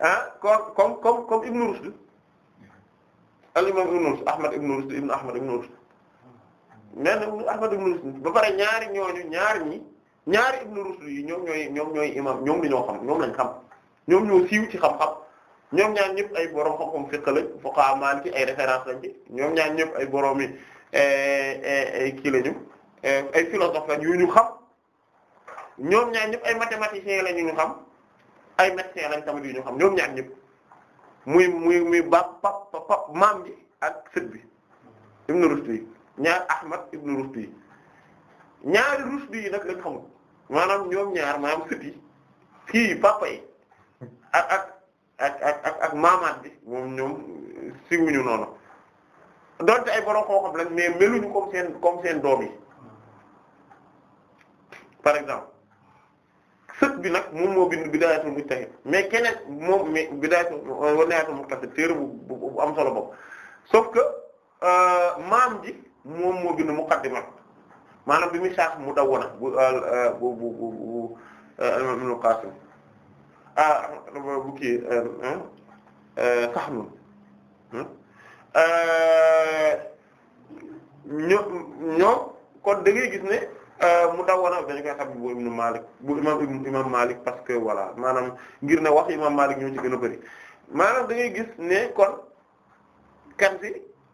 ah comme comme comme comme al imam ibn Rushd Ahmad ibn Rushd ibn Ahmad ibn Rushd men Ahmad ibn Rushd ba pare ñaari ñooñu ñaari ñi ñaari ibn Rushd yi ñoom ñooy ñoom imam ñoom lañoo xam ñoom lañ xam ñoom ñoo siiw ci xam-xam ñoom ñaan ñëpp ay borom xam-xam fiqh lañ fuqaha ay référence lañ ci ñoom ñaar ñëpp ay borom yi eh, eh, eh, ay philosophe lañ yu ñu xam ñoom ñaan ñëpp ay mathématiciens lañu ñu xam ay médecins lañ tamit yu ñu xam ñoom ñaar ñëpp. muy muy muy ba pa pa maam ji ak sët bi ibnu Rushdi ñaar Ahmad ibnu Rushdi yi ñaari Rushdi yi nag lañ xamul ñoom ñaar maanaam sët yi kii papa yi ak ak ak ak ak ak maamaat bi moom ñoom euh, siwuñu noonu donte ay borom xam-xam lañ mais meluñu comme seen seen doom yi par exemple sët bi nag moom moo bind bidaayatul mujtahid mais keneen moom mais bidaayatul wa nihayatul muqtasid téere bu bu am solo boobu sauf que euh, maam ji moom moo bind muqaddima maanaam bi muy saax mu dawwana euh, bu bu bu bu euh, imam Ibn Qasim ah bu kii Sahnun hmm? ñoo ñoo kon da ngay gis ne. Euh, mu dawwana dañu koy xam bu ibnu Malik bu imam imam Malik parce que voilà maanaam ngir ne wax ma Malik ñoo ci gën a bëri maanaam dangay gis ne kon kan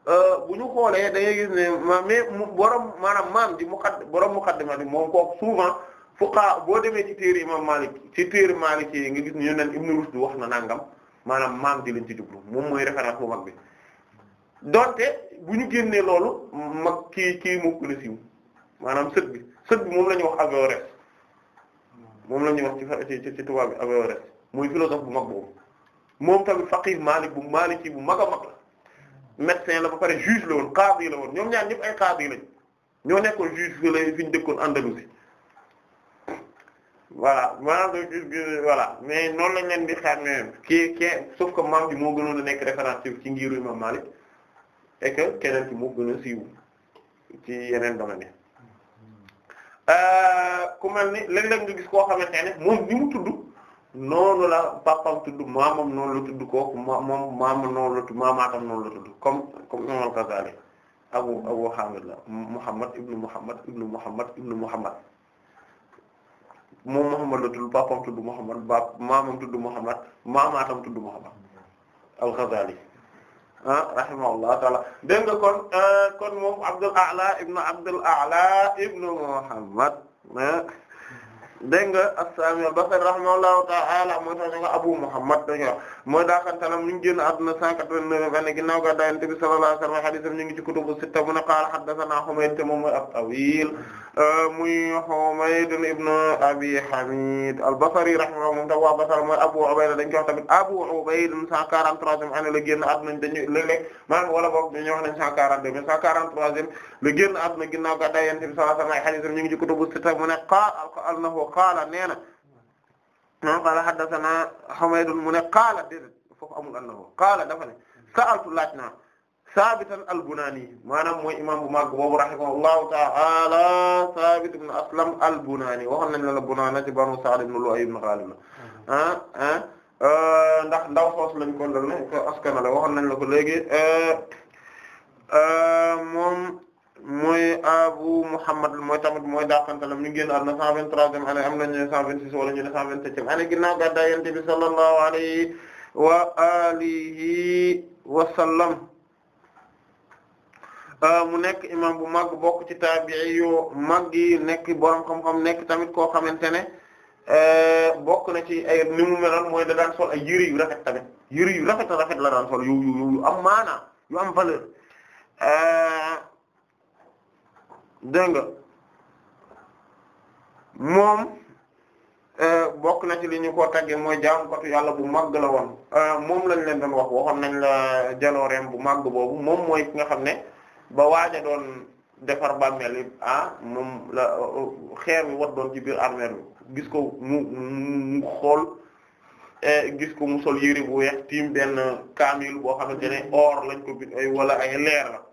euh, bu ñu xoolee da ngay gis ne ma mais borom maanaam maam ji borom muqaddima bi moom kooku souvent fuqaha boo demee ci téere imam Malik ci téere Malik yi nga gis ne ñu naan Ibnu Rushd wax na nangam maanaam maam ji lañ ci jublu moom mooy référence bu mag bi donte bu ñu génnee loolu mag kii ki moo gën maanaam sët bi. sët moom la ñuy wax Averroès moom lañu ñuy wax ci ci ci tubaab bi Averroès muy philosophe bu mag boobu moom tamit faqih Maalik bu Maaliki bu mag a mag la la ba pare juge la woon qaadi la woon ñoom ñaar ñëpp ay qaadi lañ ñoo nekkoon juge fi lay fi ñu dëkkoon Andalousie voilà maanaam voilà mais noonu lañ leen di xaar même kii kii sauf que maam bi moo gënoon a nekk référence ci ngiru Imam Malik et que keneen ci moo gën a siiw ci yeneen domaine Euh, ku mel ni léeg-léeg nga gis koo xamante ne moom ni mu tudd noonu la papam tudd maamam noonu la tudd kooku moom maamam noonu la tudd la tudd comme comme al-Ghazali abu abu hamid la muhammad ibnu muhammad ibnu muhammad ibnu muhammad moom muhammad la tudd papam muhammad al-Ghazali Ah, rahimahullahu taala dégg nga kon euh, kon moom Abdul A'la ibnu Abdul A'la ibnu Muhammad ah, dégg nga as-Sâmî al-Basrî rahimahullahu ta'ala mooy tax ñu ko Abu Muhammad dañu wax mooy daaxantalam ñu ngi génn àdduna 189 année ginnaaw ga Yonent bi sallallahu alayhi wa sallam hadiisam ñu ngi ci kutubu sitta mu ne qaala haddathanaa Humayd te moom mooy at-Tawiil euh, muy Humayd ibn Abi Hamid al-Basrî rahimahullah moom tam waa Basra mooy Abu Ubayda dañ koy wax tamit Abu Ubayd 143e année la génn àdduna dañu léeg-léeg maanaam wala boog dañuy wax ne 142 mais 143e la génn àdduna ginnaaw ga Yonent bi sallallahu alayhi wa sallam hadiisam ñu ngi ci kutubu sitta mu ne qaala ko qaala nee na non qaala haddathana Humayd mu ne qaala déedéet foofu amul annahu qaala dafa ne sa'altu laaj naa Saabitan al-Bunaani maanaam mooy imaam bu mag boobu rahimahullahu ta'ala Saabit ibn Aslam al-Bunaani waxoon nañ la la Bunaana ci Banu Sa'd ibn Lu'ay ibn Ghalib ah ah euh, ndax ndaw soos lañ ko doon askan la waxoon nañ la ko léegi euh, euh, moom. mooy Abu Muhammad mooy tamit mooy dàqantalam mi ngi génn àdduna 123e année am nañu 126 wala ñu ne 127e année ginnaaw gàddaay Yonent bi sallallahu alayhi wa alihi wa sallam euh, mu nekk imam bu mag bokk ci taabi'i yu mag yi nekk borom xam-xam nekk tamit koo xamante ne euh, bokk na ci ay ni mu meloon mooy da sol ay yëri yu rafet tamit yëri yu rafet rafet la daan yu yu am maana yu am valeur. Euh, dégg nga moom euh, bokk na ci li ñu ko tagge mooy jaamkatu yàlla bu màgg la woon euh, moom lañ leen doon wax waxoon nañ la jalooreem bu màgg boobu moom mooy ki nga xam ne ba waaja doon defar bàmmeel yi ah moom euh, xeer bi wat doon ci biir armeel bi gis ko mu xool gis ko mu sol yëri bu weex tiim benn kaamil boo xamante ne or lañ ko bit ay ay leer la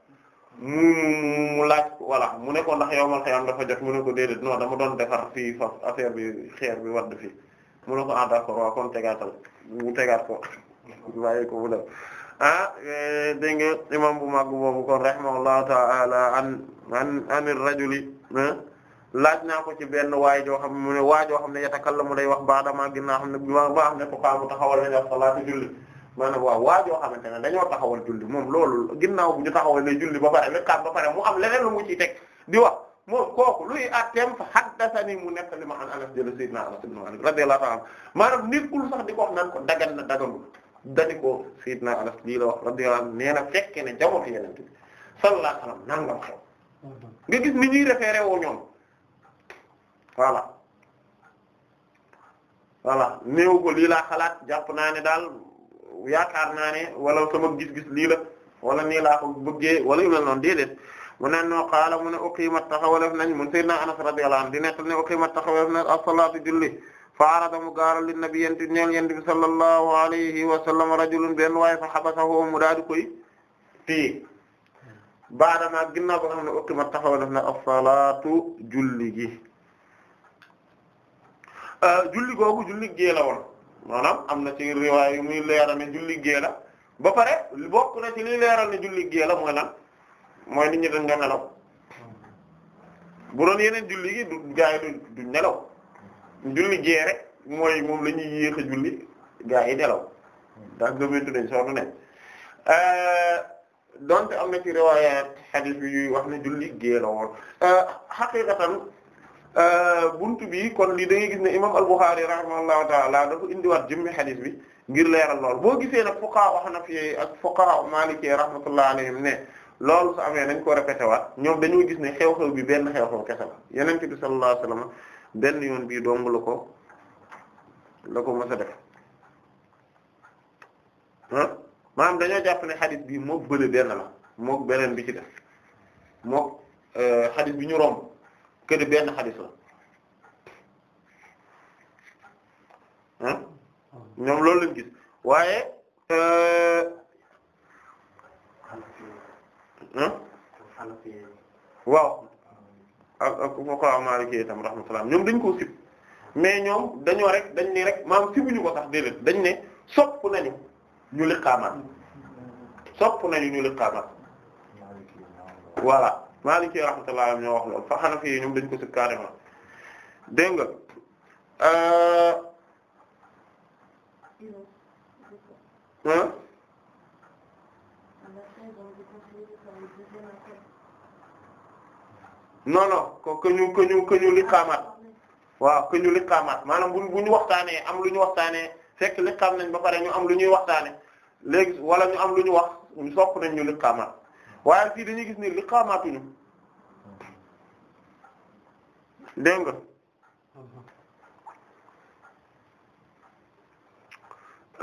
mu mu mu laaj voilà mu ne ko ndax yow man xëyam dafa jot mu ne ko déedéet non dama doon defar fii fas affaire bi xeer bi wadd fii mu ne ko ah d'accord waaw kon tegaatal mu tegaat ko waaye ko mu def ah eh, dégg nga imam bu mag boobu kon rahimahullahu ta'ala an an anir rajuli ah, laaj naa ko ci benn waay joo xam mu ne waay joo xam ne yatakallamu day wax baadama ginnaaw xam ne baa xam ne ko xaamu taxawal nañ wax salaatu julli maanaam waa waajoo xamante ne dañoo taxawal julli moom loolu ginnaaw bu ñu taxawal ne julli ba pare lekkaat ba pare mu am leneen lu mu ciy teg di wax moom kooku luy atteem fa haddasani mu nekk li ma an Anas jël sayyidina Anas ibn Malik radiyallahu ta'ala anhu maanaam nekkul sax di ko wax naan ko dagan na daganu dani ko sayyidina Anas lii la wax radiyallahu anhu nee na fekke ne jamono yeneen bi sallallahu alayhi wasallam nangam xew nga gis ni ñuy référé woo ñoom voilà voilà néew lii laa xalaat jàpp naa daal yaakaar naa ne wala sama gis-gis lii la wala nii laa ko wala yu mel noonu déedéet mu ne noo qaala mu ne uqimat taxawalef nañ mun sayyidina Anas radiyallahu anhu di nettal ne uqimat taxawalef nañ as-salaatu julli fa mu gaaral li nabi yenti ñeel yent bi sallallahu alayhi wa sallam rajulun waaye fa xabasahu mu daal di koy téye baadama ginnaaw ba nga xam ne uqimat taxawalef nañ as-salaatu julli gi euh, julli googu julli gée maanaam am na ci riwaay yu muy leeral ne julli gée la ba pare bokk na ci liy leeral ne julli gée la mooy lan mooy nit ñi dañ doon nelaw bu doon yeneen julli gi du gaa yi nelaw julli gée rek mooy moom la ñuy yéex a julli gaa yi nelaw ndax gëmëntu dañ soxna euh, ne am na ci riwaaya hadith bi yuy wax ne julli gée woon euh, xaqiiqatan Euh, bunt bi kon lii da ngay gis ne imam al-Bukhari rahimahullahu ta'ala dafa indiwaat jëmmi hadith bi ngir leeral lool boo gisee nag fuqaha hanafi ak fuqaha maliki rahmatullahi alayhim ne loolu su amee nañ ko répété waat ñoom dañoo gis ne xew-xew bi benn xew-xew kese la Yonent bi sallallahu alayhi benn yoon bii dong la ko la ko mës a def ah maanaam dañoo jàpp ne hadith bi mook bële benn la mook beneen bi ci def mook euh, hadith bi ñu romb. que ni benn xadis la ah ñoom loolu lañ gis waaye. Euh, hmm? waaw ak ak fuqaha maliki itam rahmatullah ñoom dañ koo sib mais ñoom dañoo rek dañ ne rek maam sibuñu ko sax déedéet dañ ne sopp nañu ñu liqaamaat sopp nañu ñu liqaamaat voilà Maliki rahmatullah alayhi ñoo wax loolu fa Hanafi yi ñoom dañ ko si carrément dégg nga ah non non ko que ñu waaw que ñu liqaamat maanaam bu ñu waxtaanee am lu ñu waxtaanee fekk liqaam nañ ba pare ñu am lu ñuy waxtaanee léegi wala ñu am lu ñu wax sopp nañ ñu liqaamat waaye fii dañuy gis ni li xaamaatuñu dégg nga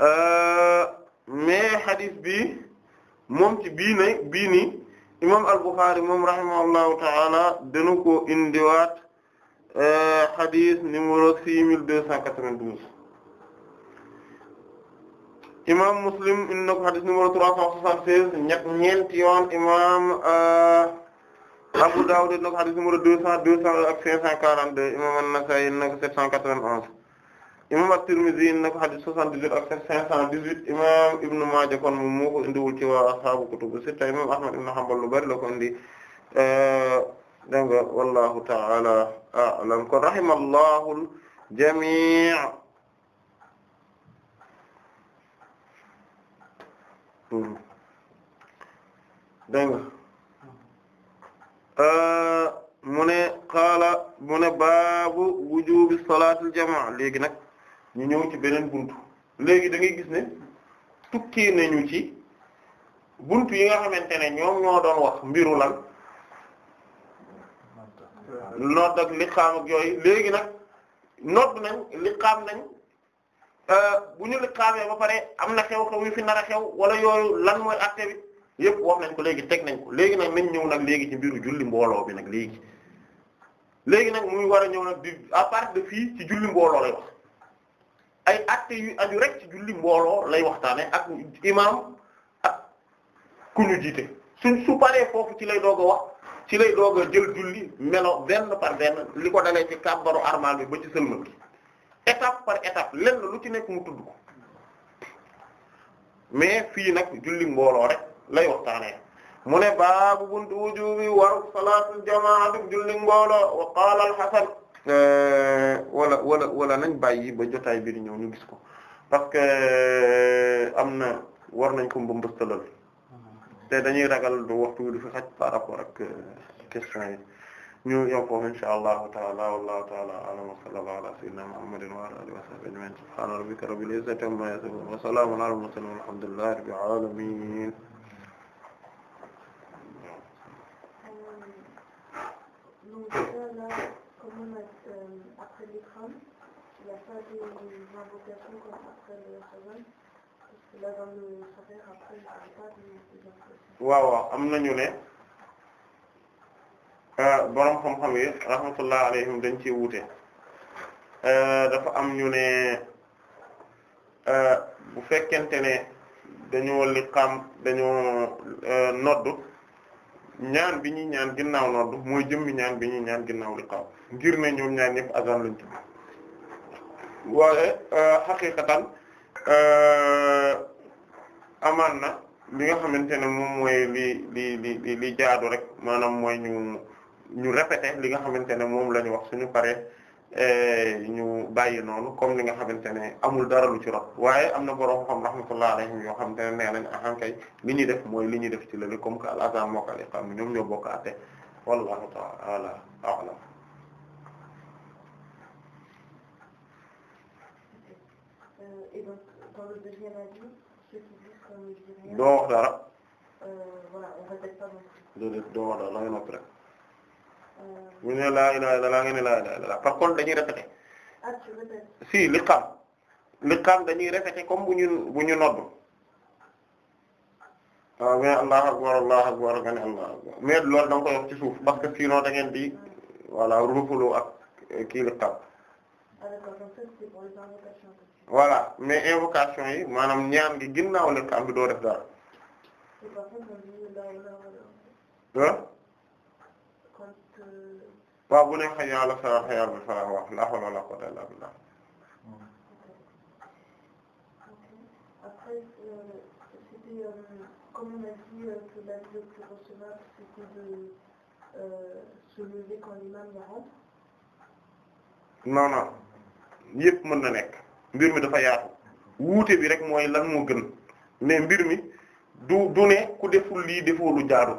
euh, mais xadis bi moom bii na bii nii imam al-Bukhari moom rahimahullahu ta'ala danu ko indiwaat xadis euh, numéro six deux cent quatre-vingt-douze imam Muslim indi na ko xadis numéro trois cent soixante-seize ñett ñeenti imam euh, Abu Dawud indi na ko deux cent deux cent deux imam An-Nasa'i indi cent quatre-vingt-onze imam At-Tirmidhi indi na soixante-dix-huit imam Ibn Maaja kon moom moo ko indiwul ci waa ashaabu sitta imam Ahmad ibn Hanbal lu la ko indi euh, dégg ta'ala a'lam kon rahimallahu al-jami' dégg nga ah. Ah, mu ne qaala mu ne baabu wujubi salaatil jamaa léegi nag ñu ñëw ci beneen bunt léegi da gis ne tukki nañu ci buntu yi nga xamante ne ñoom ñoo doon wax mbiru lan nodd ak liqaam ak yooyu léegi nag nodd nañ liqaam nañ Euh, bu ñu liqaamee ba pare am na xew-xew yu fi nar a xew wala yooyu lan mooy acte bi yëpp wax nañ ko léegi teg nañ ko léegi nag nañ ñëw nag léegi ci mbiru julli mbooloo bi nag léegi léegi nag muy war a ñëw nag di à part de fii ci julli mbooloo lay wax ay acte yu aju rek ci julli mbooloo lay waxtaane ak imam ak ku ñu jiite suñ su paree foofu ci lay doog a wax ci lay doog a jël julli melo benn par benn li ko dalee ci kàbbaru armal bi ba ci sëlmal étape par étape lenn lu ci nekk mu tudd mais fii nag julli mbooloo rek lay waxtaanee mu ne baabu buntu wujubi waru salaatul jamaatu julli mbooloo wa qaala al euh, wala wala wala nañ bàyyi ba jotaay bi di ñëw ñu gis ko parce que euh, am na war nañ ko mbambastalal mm-hmm. te dañuy ragal du waxtu du fi xaj par rapport ak euh, question yi ñu yokko insha allahu taala wallahu taala a'lam wa sallallahu ala sayyidina muhammadin wa ala alihi wa sahbihi ajma'in subhana rabbika rabbil izzati amma yasifun wa salamun ala mursalin walhamdulillahi rabbil alamin Donc là, comme on a après l'Ikram, il n'y a pas d'invocation comme après le Hazan, parce que là dans le Sahih après il n'y a pas d'invocation. waaw waaw am nañu ne Euh, borom xam-xam yi rahmatullah alayhim dañ ci wuute euh, dafa am ñu ne euh, bu fekkente ne dañoo liqaam dañoo nodd ñaan bi ñuy ñaan ginnaaw noddu mooy jëmmi ñaan bi ñuy ñaan ginnaaw liqaam ngir ne ñoom ñaan ñëpp azan lañ tudd waaye xaqiqatan amaan na li nga xamante ne moom mooy li li li li jaadu rek maanaam mooy ñu ñu répéter li nga xamante ne moom la wax suñu paree eh, ñu bàyyi noonu comme li nga xamante ne amul dara lu ci waaye am na borom xam rahmatullah alayhim yoo xamante ne nee nañ ahan kay li ñuy def mooy li ñu def ci lële comme que al azan moo ko al iqam ñoom ñoo bokk àtte euh, doo wax dara. Euh, voilà doo wax dara la nga rek. ñu ne laa ilaha illallah nga ne laa par contre dañuy répéter si liqaam liqaam dañuy répéter comme bu ñu bu ñu nodd waaw mais allah akbar allah akbar nga ne allah akbar mais loolu da nga koy wax ci suuf parce que sinon ngeen di voilà ruufaloo ak kii liqaam voilà mais invocation yi maanaam ñaan gi ginnaaw liqaam bi doo def dara waaw bu ne xëy na la sala xëy na sala wax la hawla wala la prière pour recevoir c'était de se lever quand l'imam va rentrer. yëpp mën na nekk mbir mi dafa yaatu wuute bi rek mooy lan moo gën mais mbir mi du du ne ku deful lii defoo lu jaadu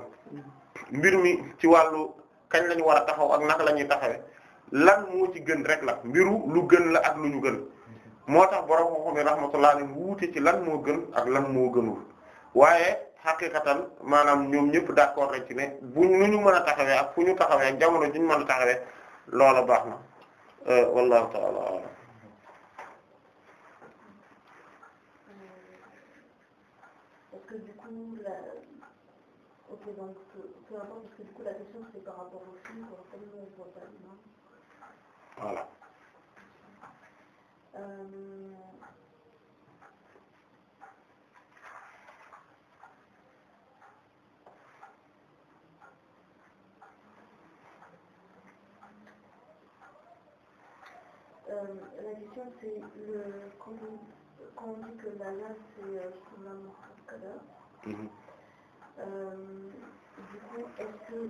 mbir mi ci wàllu. kañ la war a taxaw ak naka lañuy ñuy taxawee lan moo ci gën rek la mbiru lu gën la ak lu ñu gën moo tax borom xam-xam yi rahmatullahi alayhi wuute ci lan moo gën ak lan moo gënul waaye xaqiqatan maanaam ñoom ñëpp d'accord rek ci ne bu nu ñu mën a taxawee ak fu ñu taxawee ak jamono ji ñu mën a taxawee loola baax na euh, voilà. Euh, la question c'est le quand on, quand on dit que la lave c'est comme la mort du coup est-ce que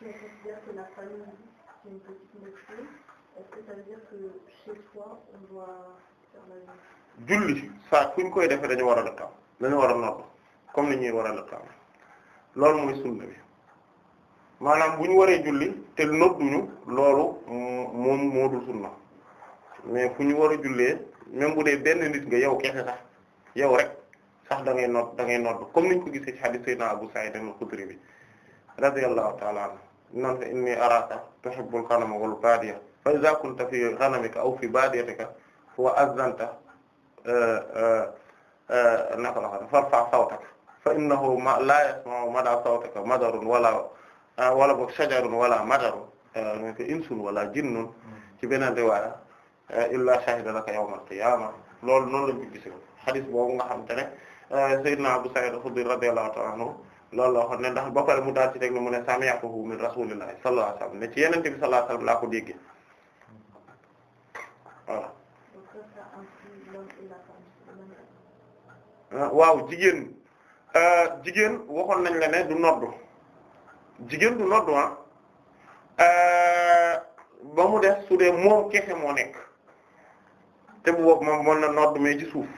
Mais ça veut julli saa kuñ koy defee dañu war a lëkkaam dañu war a nodd comme ni ñuy war a lëkkaam loolu mooy sunna bi maanaam bu ñu waree julli te nodduñu loolu moom moo dul sunna mais fu ñu war a jullee même bu dee benn nit nga yow kese sax yow rek sax da ngay nodd da ngay nodd comme niñ ko gisee ci hadith Sayyidina Abu Sa'id al-Khudri bi radiyallahu ta'ala anhu noon fa inni araka tuhibbul ghanama wal baadiya fa idha kunta fi ghanamika aw fi baadiyatika wa azanta eh, eh, eh, naka la xam farfa sawtaka fa innahu ma la yasma'u mada sawtaka madarun wala wala boog shajarun wala madarun non ko insun wala jinnun ci beneen riwaaya illa shahida laka yawmal qiyaama loolu noonu lañ ko gisee xadis boobu nga xam te ne Seydina Abu Sa'id al-Khudri radiyallahu ta'ala anhu loolu la ne ndax ba pare mu daal ci teg ne mu ne sami'tuhu min rasulillahi sallallahu alayhi ne ci yenente bi sallallahu alayhi wasallam laa ko déggee ah, waaw jigéen euh, jigéen waxoon nañ la ne du noddu jigéen du noddu ah euh, ba mu def su dee moom kese moo nekk te bu boobu moom mën na noddu mais ci suuf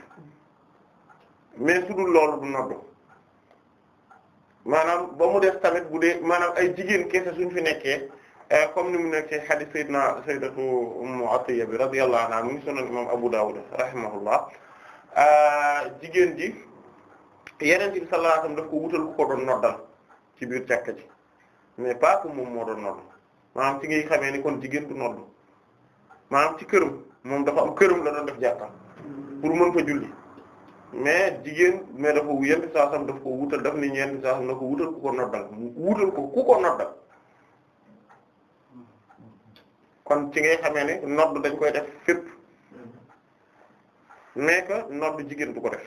mais su dul loolu du noddu maanaam ba mu def tamit bu dee maanaam ay jigéen kese suñ fi nekkee eh, comme ni mu nekkee ci hadith sayyidina sayyidatu ummu atiya bi radiyallahu anha mu ngi sunan imam abu dawud rahimahullah eh, jigéen ji yeneen bi sallallahu alayhi daf ko wutal ku ko doon noddal ci biir jàkka ji mais pas que moom moo doon nodd maanaam ci ngay kon jigéen du nodd maanaam ci këram moom dafa am këram la doon def jàkka pour mën fa julli mais jigéen mais dafa yenti saasam daf ko wutal daf li ñeen saasam na ko wutal ku ko noddal wutal ko ku ko noddal kon ci ngay xamee ne nodd dañ koy def fépp mais que nodd jigéen du ko def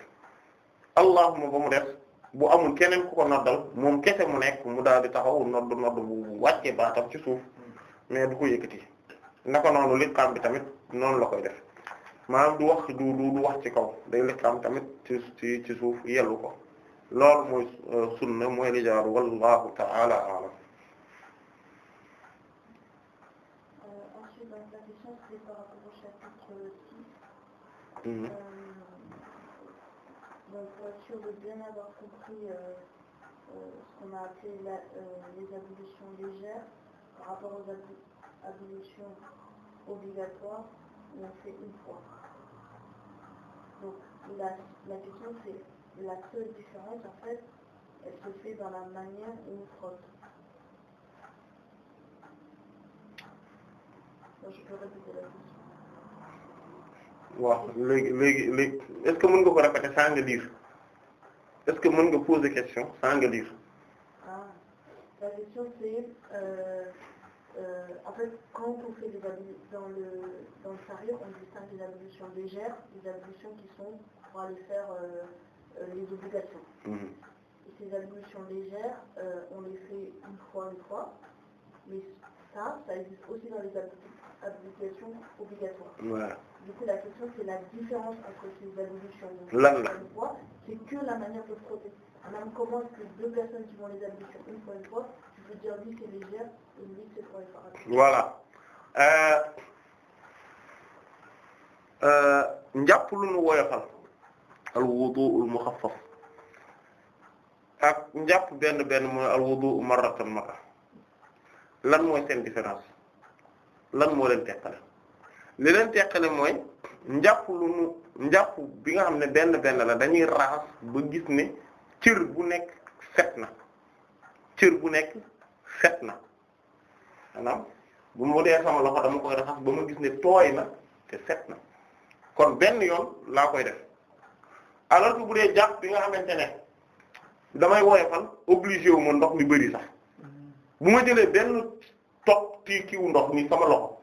allahuma ba mu def bu amul keneen ku ko noddal moom kese mu nekk mu daal di taxaw nodd nodd bu wàccee baatam ci suuf mais du ko yëkkati naka noonu liqaam bi tamit noonu la koy def maanaam du wax du du wax ci kaw day liqaam tamit ci ci ci suuf yellu ko loolu mooy euh, sunna mooy li jaar wallahu ta'ala a'lam Mmh. Euh, donc pour être sûr de bien avoir compris euh, euh, ce qu'on a appelé la, euh, les ablutions légères par rapport aux ablutions obligatoires, on a fait une fois. la, la question c'est, la seule différence en fait, elle se fait la manière où on frotte. Donc, je peux répéter la question. waaw léegi léegi léegi est-ce que mën nga ko répéter sans nga lire est-ce que mën nga poser question sans nga lire. ah la question c'est. Euh... Euh, en fait, quand on fait des dans le dans le charir, on distingue des ablutions légères, des ablutions qui sont pour aller faire euh, euh, les obligations. Mhm. Et ces ablutions légères, on les fait une fois, une fois, mais ça, ça aussi dans les ablutions obligatoires. Du coup, la question, c'est la différence entre ces ablutions légères une fois, c'est que la manière de frotter. Même comment est deux personnes qui vont les ablutions une fois, une fois, tu peux dire lui c'est légère, voilà euh, euh, njàpp lu nu woyofal al wudu'ul mukhaffaf ak njàpp benn benn mooy al wudu'u marratan marra lan mooy seen différence lan moo leen teqale li leen teqale mooy njàpp lu nu njàpp bi nga xam ne benn benn la dañuy raxas ba gis ne cër bu nekk set na cër bu nekk fet na maanaam bu mu dee sama loxo dama koy raxas ba ma gis ne tooy na te set na kon benn yoon laa koy def alors que bu dee jàpp bi nga xamante ne damay woyofal obligé wu ma ndox mi bëri sax bu ma jëlee benn toog kii kiiwu ndox ni sama loxo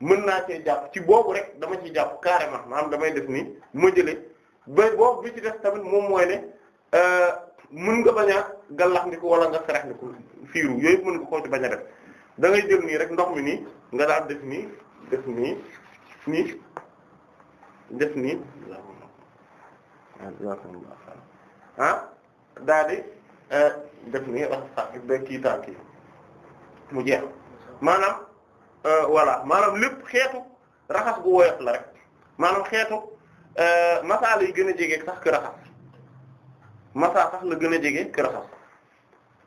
mën naa cee jàpp ci boobu rek dama ci jàpp carrément maanaam damay def nii bu ma jëlee boobu bi ci def tamit moom mooy ne euh, mën nga bañ a gallax ko wala nga sarax ndiku fiiru yooyu mën nga ko ci bañ a def da ngay jël rek ndox mi nii nga daal def nii def nii nii def nii ah daal di eh, def nii kii tànk yi mu jeex maanaam eh, voilà maanaam lépp xeetu raxas gu woyof la rek maanaam xeetu eh, masaala yi gën a jege sax ki raxas masa sax la gën a jege ki raxas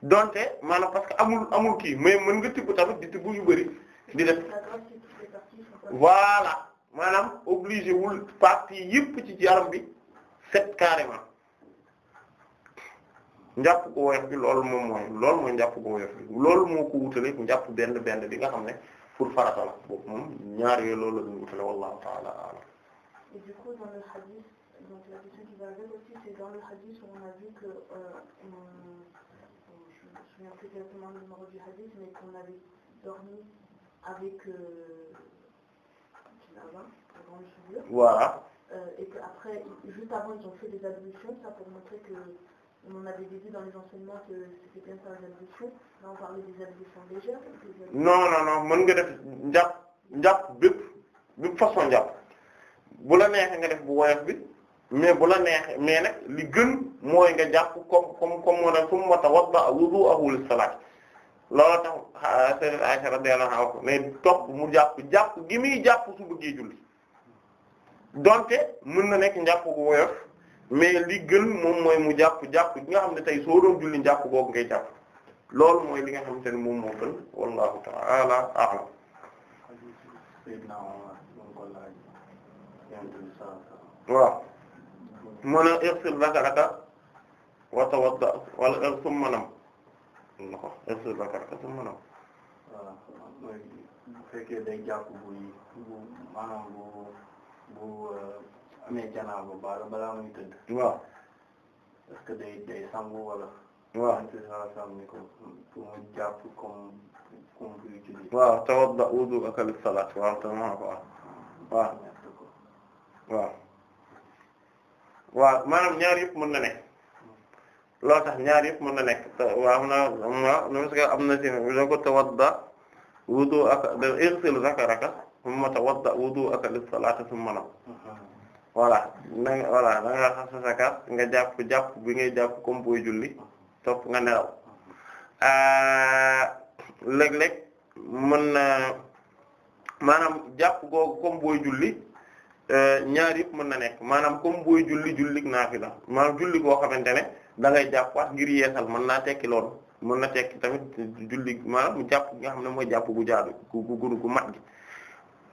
donte maanaam parce que amul amul kii mais mën nga tibb tamit di tibb yu bëri di def voilà maanaam obligé wul partie yëpp ci yaram bi set carrément njàpp ko woyof bi lool moom mooy loolu mooy njàpp ko woyof bi loolu moo ko wutale njàpp benn bend bi nga xam ne pour farata la moom ñaar yooyu loolu la ñu wutale wallahu ta'ala a'lam. souviens plus exactement le numéro du hadith, mais qu'on avait dormi avec euh, grande figure. Voilà. Euh, et qu'après, juste avant, ils ont fait des ablutions, pour montrer que on avait vu dans les enseignements que c'était bien ça les ablutions. Là, on parlait des ablutions légères. non, non, non, mën nga def njàpp njàpp bépp bépp façon njàpp bu la neexee nga def mais bu la neexee mais nag li gën mooy nga jàpp comme comme comme mu ne summa tawadda wudu'ahu lis-salaat loolu tax mu jàpp jàpp gi muy jàpp su bëggee julli donte mën na nekk jàpp gu woyof mais li gën moom mooy mu jàpp jàpp gi nga xam ne tey soo doon julli njàpp googu ngay jàpp loolu mooy li nga xamante ne moom moo gën wallahu ta'ala a'lam waaw mu ne irsil zakaraka wa tawadda wala irsum manam la ko irsil zakaraka sum manam waaw bu fekkee day jàpp buy bu maanaam bu bu euh, amee janaaba baara balaa muy tëdd waaw est-ce que day day sangu wala waaw ni ko pour mu jàpp comme comme buy julli waaw maanaam ñaar yëpp mën na nekk loo tax ñaar yëpp mën na waa waaw na na si am na si da ko tawadda wudu'aka da ighsil zakaraka thumma tawadda wudu'aka lis-salati thumma nam voilà na voilà da nga xas sa nga jàpp jàpp bi ngay jàpp comme booy julli topp nga nelaw léeg-léeg mën na maanaam jàpp googu comme booy julli Euh, ñaar yëpp mën na nekk maanaam comme booy julli jullik naafila maanaam julli goo xamante ne da ngay jàppaat ngir yeesal mën naa tekki loolu mën na tekki tamit julli maanaam mu jàpp nga xam ne mooy jàpp gu jaadu gu gu gu mat gi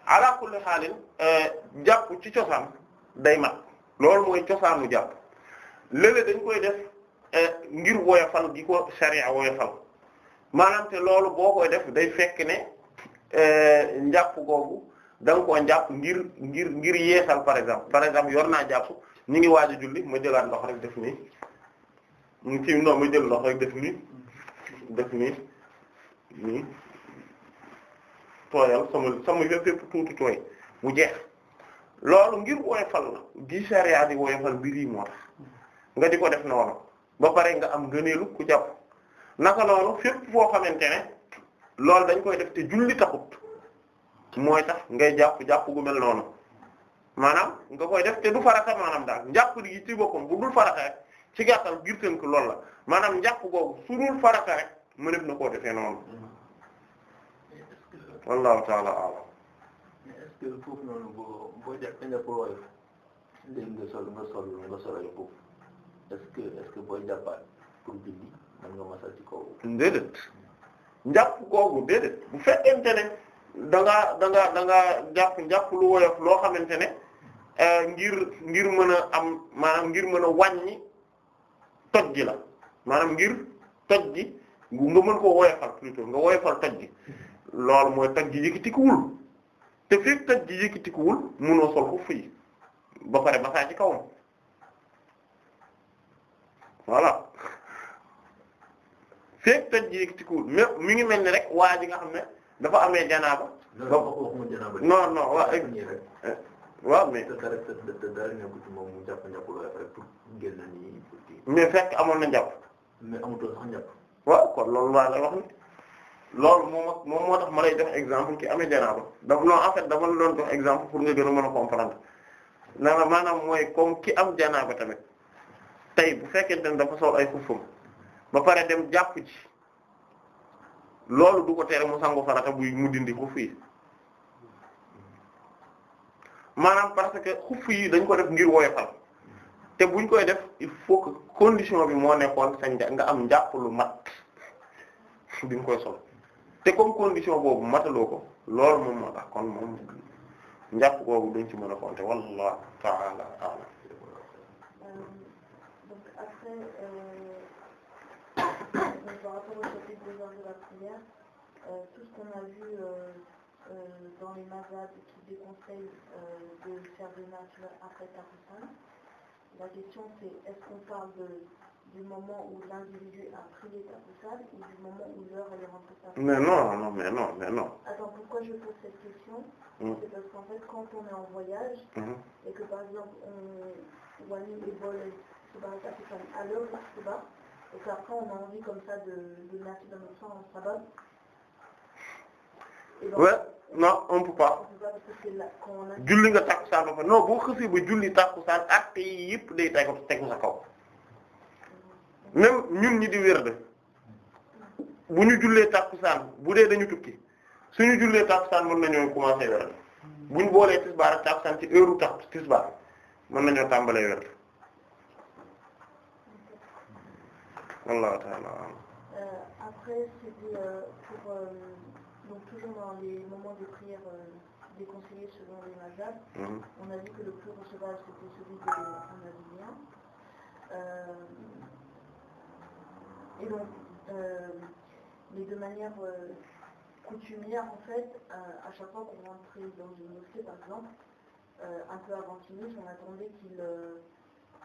ala kulli xaalin euh, jàpp ci cosaan day mat loolu mooy cosaanu jàpp léeg dañ koy def euh, ngir woyofal gi ko sariya woyofal maanaam te loolu boo koy def day fekk ne njàpp googu da nga koo njàpp ngir ngir ngir yeesal par exemple par exemple yor naa jàpp ñu ngi waaj a julli ma jëlaat loxo rek def nii ñu ci non ma jël ndox rek def nii def nii nii tooyal sama sama yëpp yëpp tuuti tooy mu jeex loolu ngir woyofal la di sariya di woyofal mbir yi moo tax nga di ko def noonu ba pare nga am gëneelu ku jàpp naka noonu fépp foo xamante ne loolu dañ koy def te julli taxut mooy tax ngay jàpp jàpp gu mel noonu maanaam nga koy def te du farata maanaam daal njàpp gi ci boppam bu dul farata rek ci gàttal ngir tënk loolu la maanaam njàpp googu su dul farata rek mënef na koo defee noonu wallahu taala alam est-ce sol nga sol ci kaw déedéet googu déedéet bu fekkente ne danga ngaa danga jàpp jàpp lu woyof loo xamante ne euh, ngir mën a am maanaam ngir mën a wàññi toj gi la maanaam ngir toj gi nga mën koo woyofal plutôt nga woyofal toj gi loolu mooy toj gi yëkkatikuwul te toj gi yëkkatikuwul mënoo sol ko fii ba ci kawam voilà fekk toj gi yëkkatikuwul mais mi ngi mel ni rek waa ji nga xam ne. dafa amee janaaba. non non waaw eh, waaw mais. mais fekk amoon na njàpp. mais amatul sax njàpp. waaw kon loolu laa lay wax ni loolu moom moom moo tax ma lay jox exemple ki amee janaaba daf non en fait dama la exemple pour nga gën a mën a comprendre na maanaam mooy comme ki am janaaba tamit tey bu fekkente ne dafa sol ay xufum ba pare dem jàpp ci. loolu du ko tere mu sangu farata buy mu dindi xuf yi maanaam parce que xuf yi dañ ko def ngir woyofal te buñ koy def il faut que condition bi moo nekkoon sa nga am njàpp lu mat bi nga koy sol te comme condition boobu mataloo ko lool moom moo tax kon moom njàpp boobu duñ ci mën a compter wallahu ta'ala a'lam au côté de la prière, euh, tout ce qu'on a vu euh, euh, dans les mazades qui déconseillent de faire après Taroussan. La question c'est est-ce qu'on parle du moment où l'individu a prié Taroussan ou du moment où l'heure elle est rentrée Taroussan Mais non, non, non, mais non. Attends, pourquoi je pose cette question mmh. C'est parce qu'en fait, quand on est en voyage mmh. et que par exemple, on, on annule les vols, se barre l'heure, se barre, et qu'après julli nga tàkkusaan ba fa non boo xasee ba julli tàkkusaan ak tey yëpp day tegu sa kaw. même ñun ñi di wérde bu ñu jullee tàkkusaan bu dee dañu tukki suñu jullee tàkkusaan mën nañoo commencer wérde bu ñu boolee tisbaar ak tàkkusaan ci heure u tisbaar mën nañoo tàmbalee wérde. wallahu ta'ala euh, après c'était euh, pour euh, donc toujours dans les moments de prière déconseillés selon les mazhabs mhm. on a vu que le plus recevable c'était celui de Hanbaliens et donc mais de manière coutumière en fait à chaque fois qu'on rentrait dans une mosquée par exemple un peu avant Timis on attendait qu'il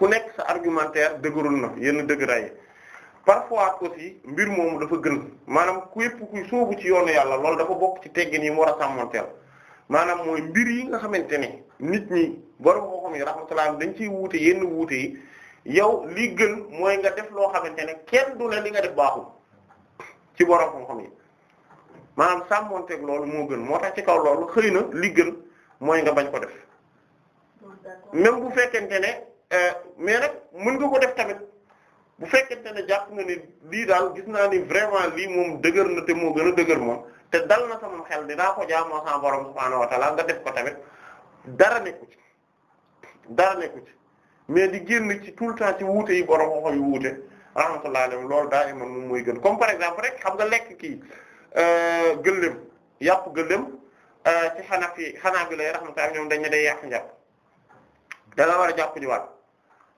ku nekk sa argumentaire dëgërul na yenn dëgëraay yi parfois aussi mbir moomu dafa gën maanaam ku yëpp kuy sóobu ci yoonu yàlla loolu dafa bokk ci teggin yi mu war a sàmmanteel maanaam mooy mbir yi nga xamante ne nit ñi borom moo xam yi rahmatullah dañ ciy wuute yenn wuute yi yow lii gën mooy nga def loo xamante ne kenn du ne li nga def baaxul ci borom xam yi maanaam sàmmonteeg loolu moo gën moo tax ci kaw loolu xëy na lii gën mooy nga bañ ko def Euh, mais nag mën nga ko def tamit bu fekkente ne jàpp na ne lii daal gis naa ni vraiment lii moom dëgër na te moo gën a dëgër moom te dal na sama xel dinaa ko jaamoo sama borom subhaanahu wa ta'ala nga def ko tamit dara nekku ci dara nekku mais di génn ci tout le temps ci wuute yi borom xoxo yi wuute rahmatullahi alayhi loolu daa mooy gën comme par exemple rek xam nga lekk kii euh, gëléem yàpp gëléem euh, ci xanaa fi xanaa ñoom dañ ne day yàq njàpp da nga war a jàpp ñu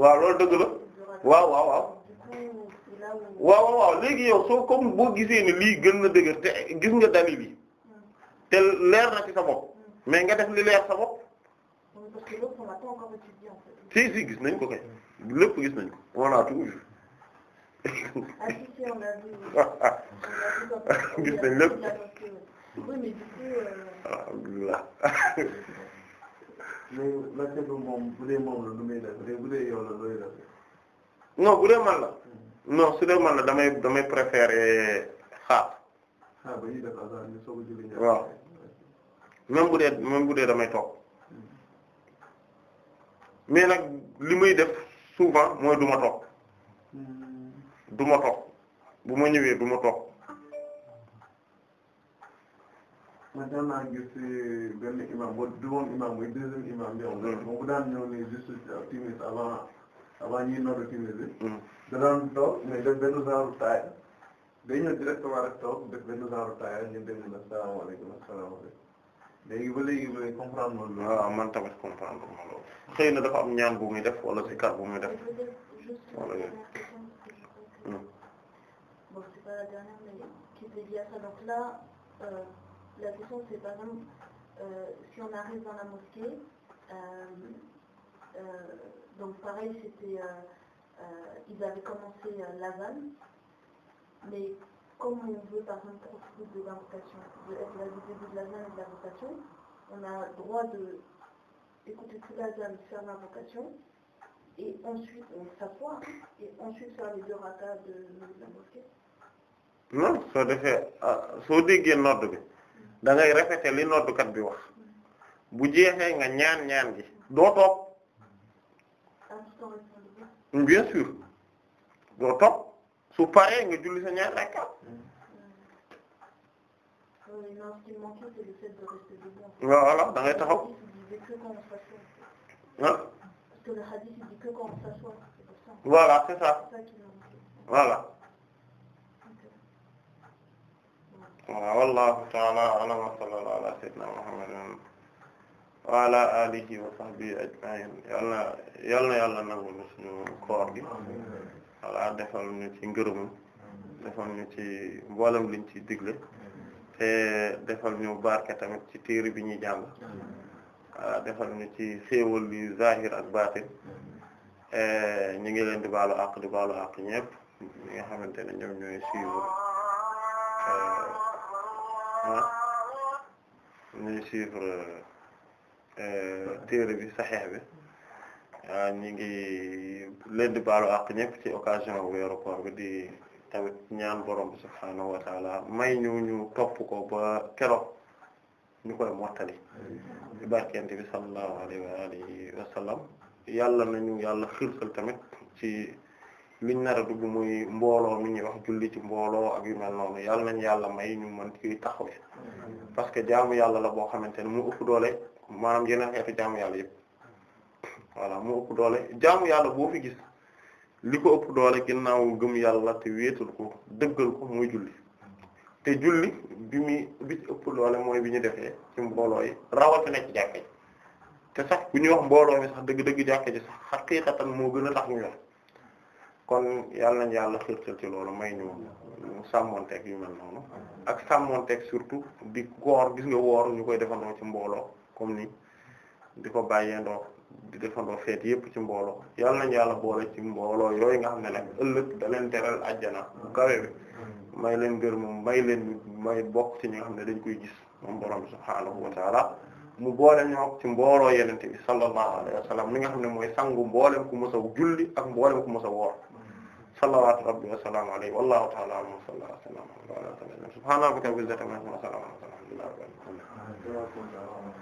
waaw lool dëgg la waaw waaw waaw waaw waaw léegi yow boo gisee ni lii gën na dëgër te gis nga dalil bi te leer na ci sa bopp mais nga def li leer sa si si gis nañ ko kay lépp gis nañ ko on a tout gis nañ lépp alhamdulillah mais la ca du moom bu dee moom la du def bu dee yow la bu hmm. su dee man damay damay préférer waaw même bu dee même bu dee damay toog hmm. mais nag li muy def souvent mooy du ma toog. Hmm. du bu ma ñëwee du ma ma daan naa gis euh, benn imam ba du woon imam mooy deuxième imam bi mm. moom bu daan ñëw nii juste timis avant avant ñuy noddu timis bi mm. da daan toog mais def benn genre taaya day ñëw directement rek toog def benn genre taaya ñu dem na asalaamaaleykum asalaamaaleykum léegi ba léegi ba comprendre loolu waaw ah, man tamit comprendre ma loolu xëy na dafa am ñaan bu muy def wala sikar bu muy def wala yooyu mm. la question c'est par exemple, si on arrive dans la mosquée, euh, euh, donc pareil, c'était, euh, ils avaient commencé la vanne, mais comme on veut par exemple profiter de l'invocation, de l'invocation, on a droit de écouter tout la vanne, faire l'invocation, et ensuite on s'assoit, et ensuite faire les deux rakas de, la mosquée. non soo defee soo déggee nodd dangay ngay répéter li noddukat bi wax bu jeexee nga ñaan ñaan gi doo toog bien sûr doo toog su paree nga julli sa ñaan rakka voilà da ngay taxaw ah voilà c'est waaw wallahu taala alam wa sallallahu ala sayyidina muhammadin wa ala alihi wa sahbihi ajma'in yàlla nangu yàlla nangul ñu koor gi wala defal ñu ci ngërëmum defal ñu ci mboolem liñ ci digle te defal ñu barke tamit ci téere bi ñuy jàng wala defal ñu ci xéewal bi zahir ak baatin e, ñu ngi leen di baalu ak di baalu àq ñëpp ñi nga xamante ne ñoom ñooy suivre e, ah ñuy suivre euh, téere bi saxiix bi ah, ñi ngi leen di baalu àq ñëpp ci occasion weeru koor bi di tamit ñaan borom bi subhaanahu wa may ñu ñu topp ko ba keroog ñu koy mottali di barkente bi sallallahu alayhi wa alihi wa sallam yàlla nañu tamit ci liñ nar a dugg muy mbooloo mi ñuy wax julli ci mbooloo ak yu mel noonu yàlla nañ yàlla may ñu mën ci taxawee parce que jaamu yàlla la boo xamante ne mu ëpp doole maam yeneen xeetu jaamu yàlla yëpp voilà mu ëpp doole jaamu yàlla boo fi gis li ko ëpp doole ginnaaw gëm yàlla te wéetul ko dëggal ko muy julli julli bi bi ëpp doole mooy bi ñu defee ci mbooloo yi rawatina jàkka ji te sax bu ñuy wax mbooloo mi sax dëgg-dëgg jàkka ji sax xaqiiqatan moo gën a tax ñu wax kon yàlla nañ yàlla xirtal ci loolu may ñu sàmmonteeg yu mel noonu ak teg surtout di koor gis nga woor ñu koy defandoo ci mbooloo comme nii di ko bàyyeendoo di defandoo feet yëpp ci mbooloo yàlla nañ yàlla boole ci mbooloo yooyu nga xam ne nag ëllëg daleen leen teral ajjana bu kawe bi may leen gër moom may leen may bokk ci ñi nga xam ne dañ koy gis moom borom subhaanahu wa mu boole ñoo ci mbooloo yenente bi sallallahu alayhi mi nga xam ne mooy sangu mboolem ku mës a julli ak mboolem ku mës a woor salawaatu rabbi wa salaamu alayhi wallahu ta'ala a'lam wa sallallahu wa sallam subhaana rabbika rabbil izzati amma yasifun wa salaamun ala al mursalin walhamdulillahi rabbil alamin